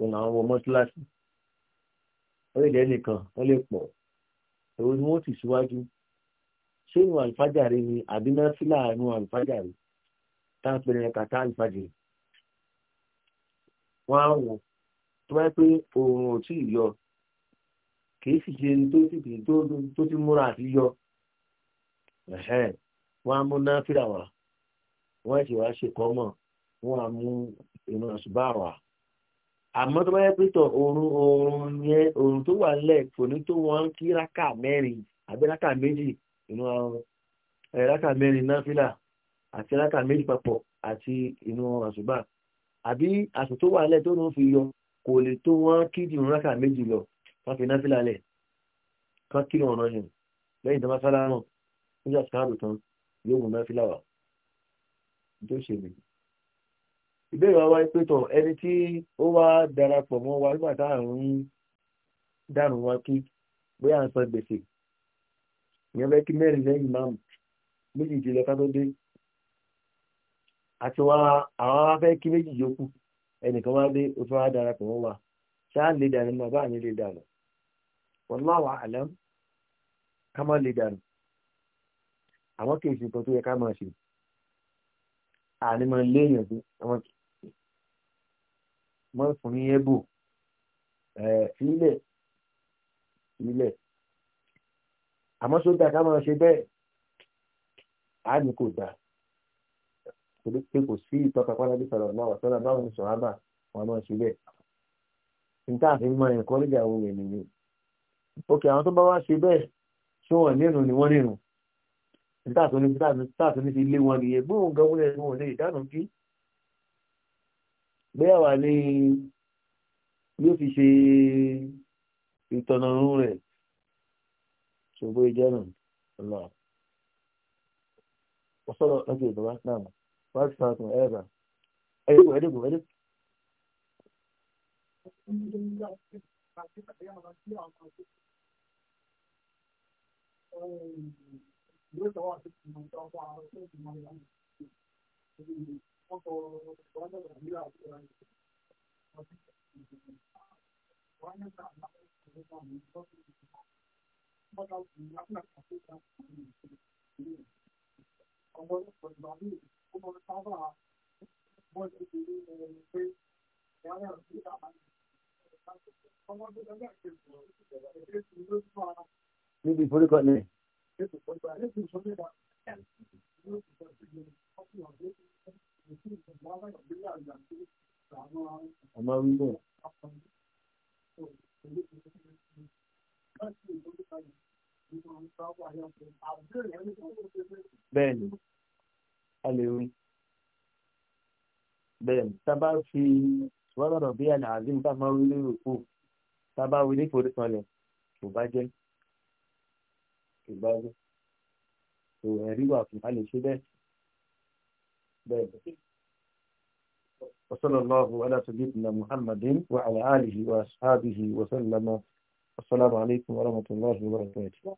òun àwọn ọmọ mọ́tíláṣí wọ́n lè nìkan wọ́n lè pọ̀ ni wọ́n ti síwájú ṣé inú àlùfájàre ni àbí náfìlà inú àlùfájàre tá a pèrè kàtá àlùfájàre wọ́n á wọ̀ tó bá pé oòrùn ò tí yọ kìí sì ṣe tó tó ti múra àti yọ wọ́n á mú wá wọ́n sì àmọ́ tó bá yẹ pé tọ̀ oorun oorun yẹn oorun tó wà nílẹ̀ kò ní tó wọn kí rákà mẹ́rin àbí rákà méjì inú àwọn rákà mẹ́rin náfìlà àti rákà méjì papọ̀ àti inú àṣùbà àbí àṣù tó wà nílẹ̀ tó ní fi yọ kò lè tó wọn kí dìrún rákà méjì lọ wọn fi náfìlà lẹ̀ kán kí ọ̀nà yẹn lẹ́yìn tó bá sálámọ̀ nígbà sáàbù tán yóò mú náfìlà wà tó ṣe nìyí ìbéèrè wa wáyé pé tọ̀ ẹni tí ó wá darapọ̀ mọ́ wa nígbà tá à ń dànù wa kí bóyá à ń san gbèsè ìyẹn fẹ́ kí mẹ́rin lẹ́yìn máàmù méjì ti lọ ká tó dé àti wa àwọn afẹ́ kí méjì yòókù ẹnìkan wá dé ó fẹ́ wá darapọ̀ mọ́ wa ṣáà lè dànù mọ́ báà ní lè dànù wallahu a'lam ká má lè dànù àwọn kèèṣì nǹkan tó yẹ ká máa ṣe àní máa léèyàn sí mọ́ fún ní ẹ̀bù sílẹ̀ sílẹ̀ àmọ́ sódà ká máa ṣe bẹ́ẹ̀ á ní kò dáa torí pé kò sí ìtọ́ka pálábí sọ̀rọ̀ náà wà sọ́dà báwọn sọ̀rọ̀ àbà wọn máa ṣe bẹ́ẹ̀ níta àfi mọ ẹ̀kọ́ nígbà àwọn ènìyàn òkè àwọn tó bá wá ṣe bẹ́ẹ̀ ṣé wọ́n nínú ni wọ́n nínú níta àtúnṣe ilé wọn nìyẹn bóun gan wúlẹ̀ wọn lè dánú kí bóyá wà ní yóò fi ṣe ìtọ̀nàrún rẹ̀ ṣùgbọ́n ìjẹ́ nù ọ̀nà ọ̀sọ́rọ̀ ọjọ́ ìdọ̀wà náà wọ́n ti sọ̀rọ̀ ẹ̀rọ ẹ̀dẹ́gbò ẹ̀dẹ́gbò ẹ̀dẹ́gbò. Thank níbi ìforúkọ ni ọmọ wí bẹ́ẹ̀. bẹ́ẹ̀ni a lè wí bẹ́ẹ̀ni tábà fi wọ́lọ́rọ̀ bí àná àzín bá máa wí lérò kù tábà wí ní ìforí kan lẹ̀ kò bá jẹ́ kò bá jẹ́ kò ẹ̀rí wà fún a lè ṣe bẹ́ẹ̀. وصلى الله على سيدنا محمد وعلى آله وأصحابه وسلم السلام عليكم ورحمة الله وبركاته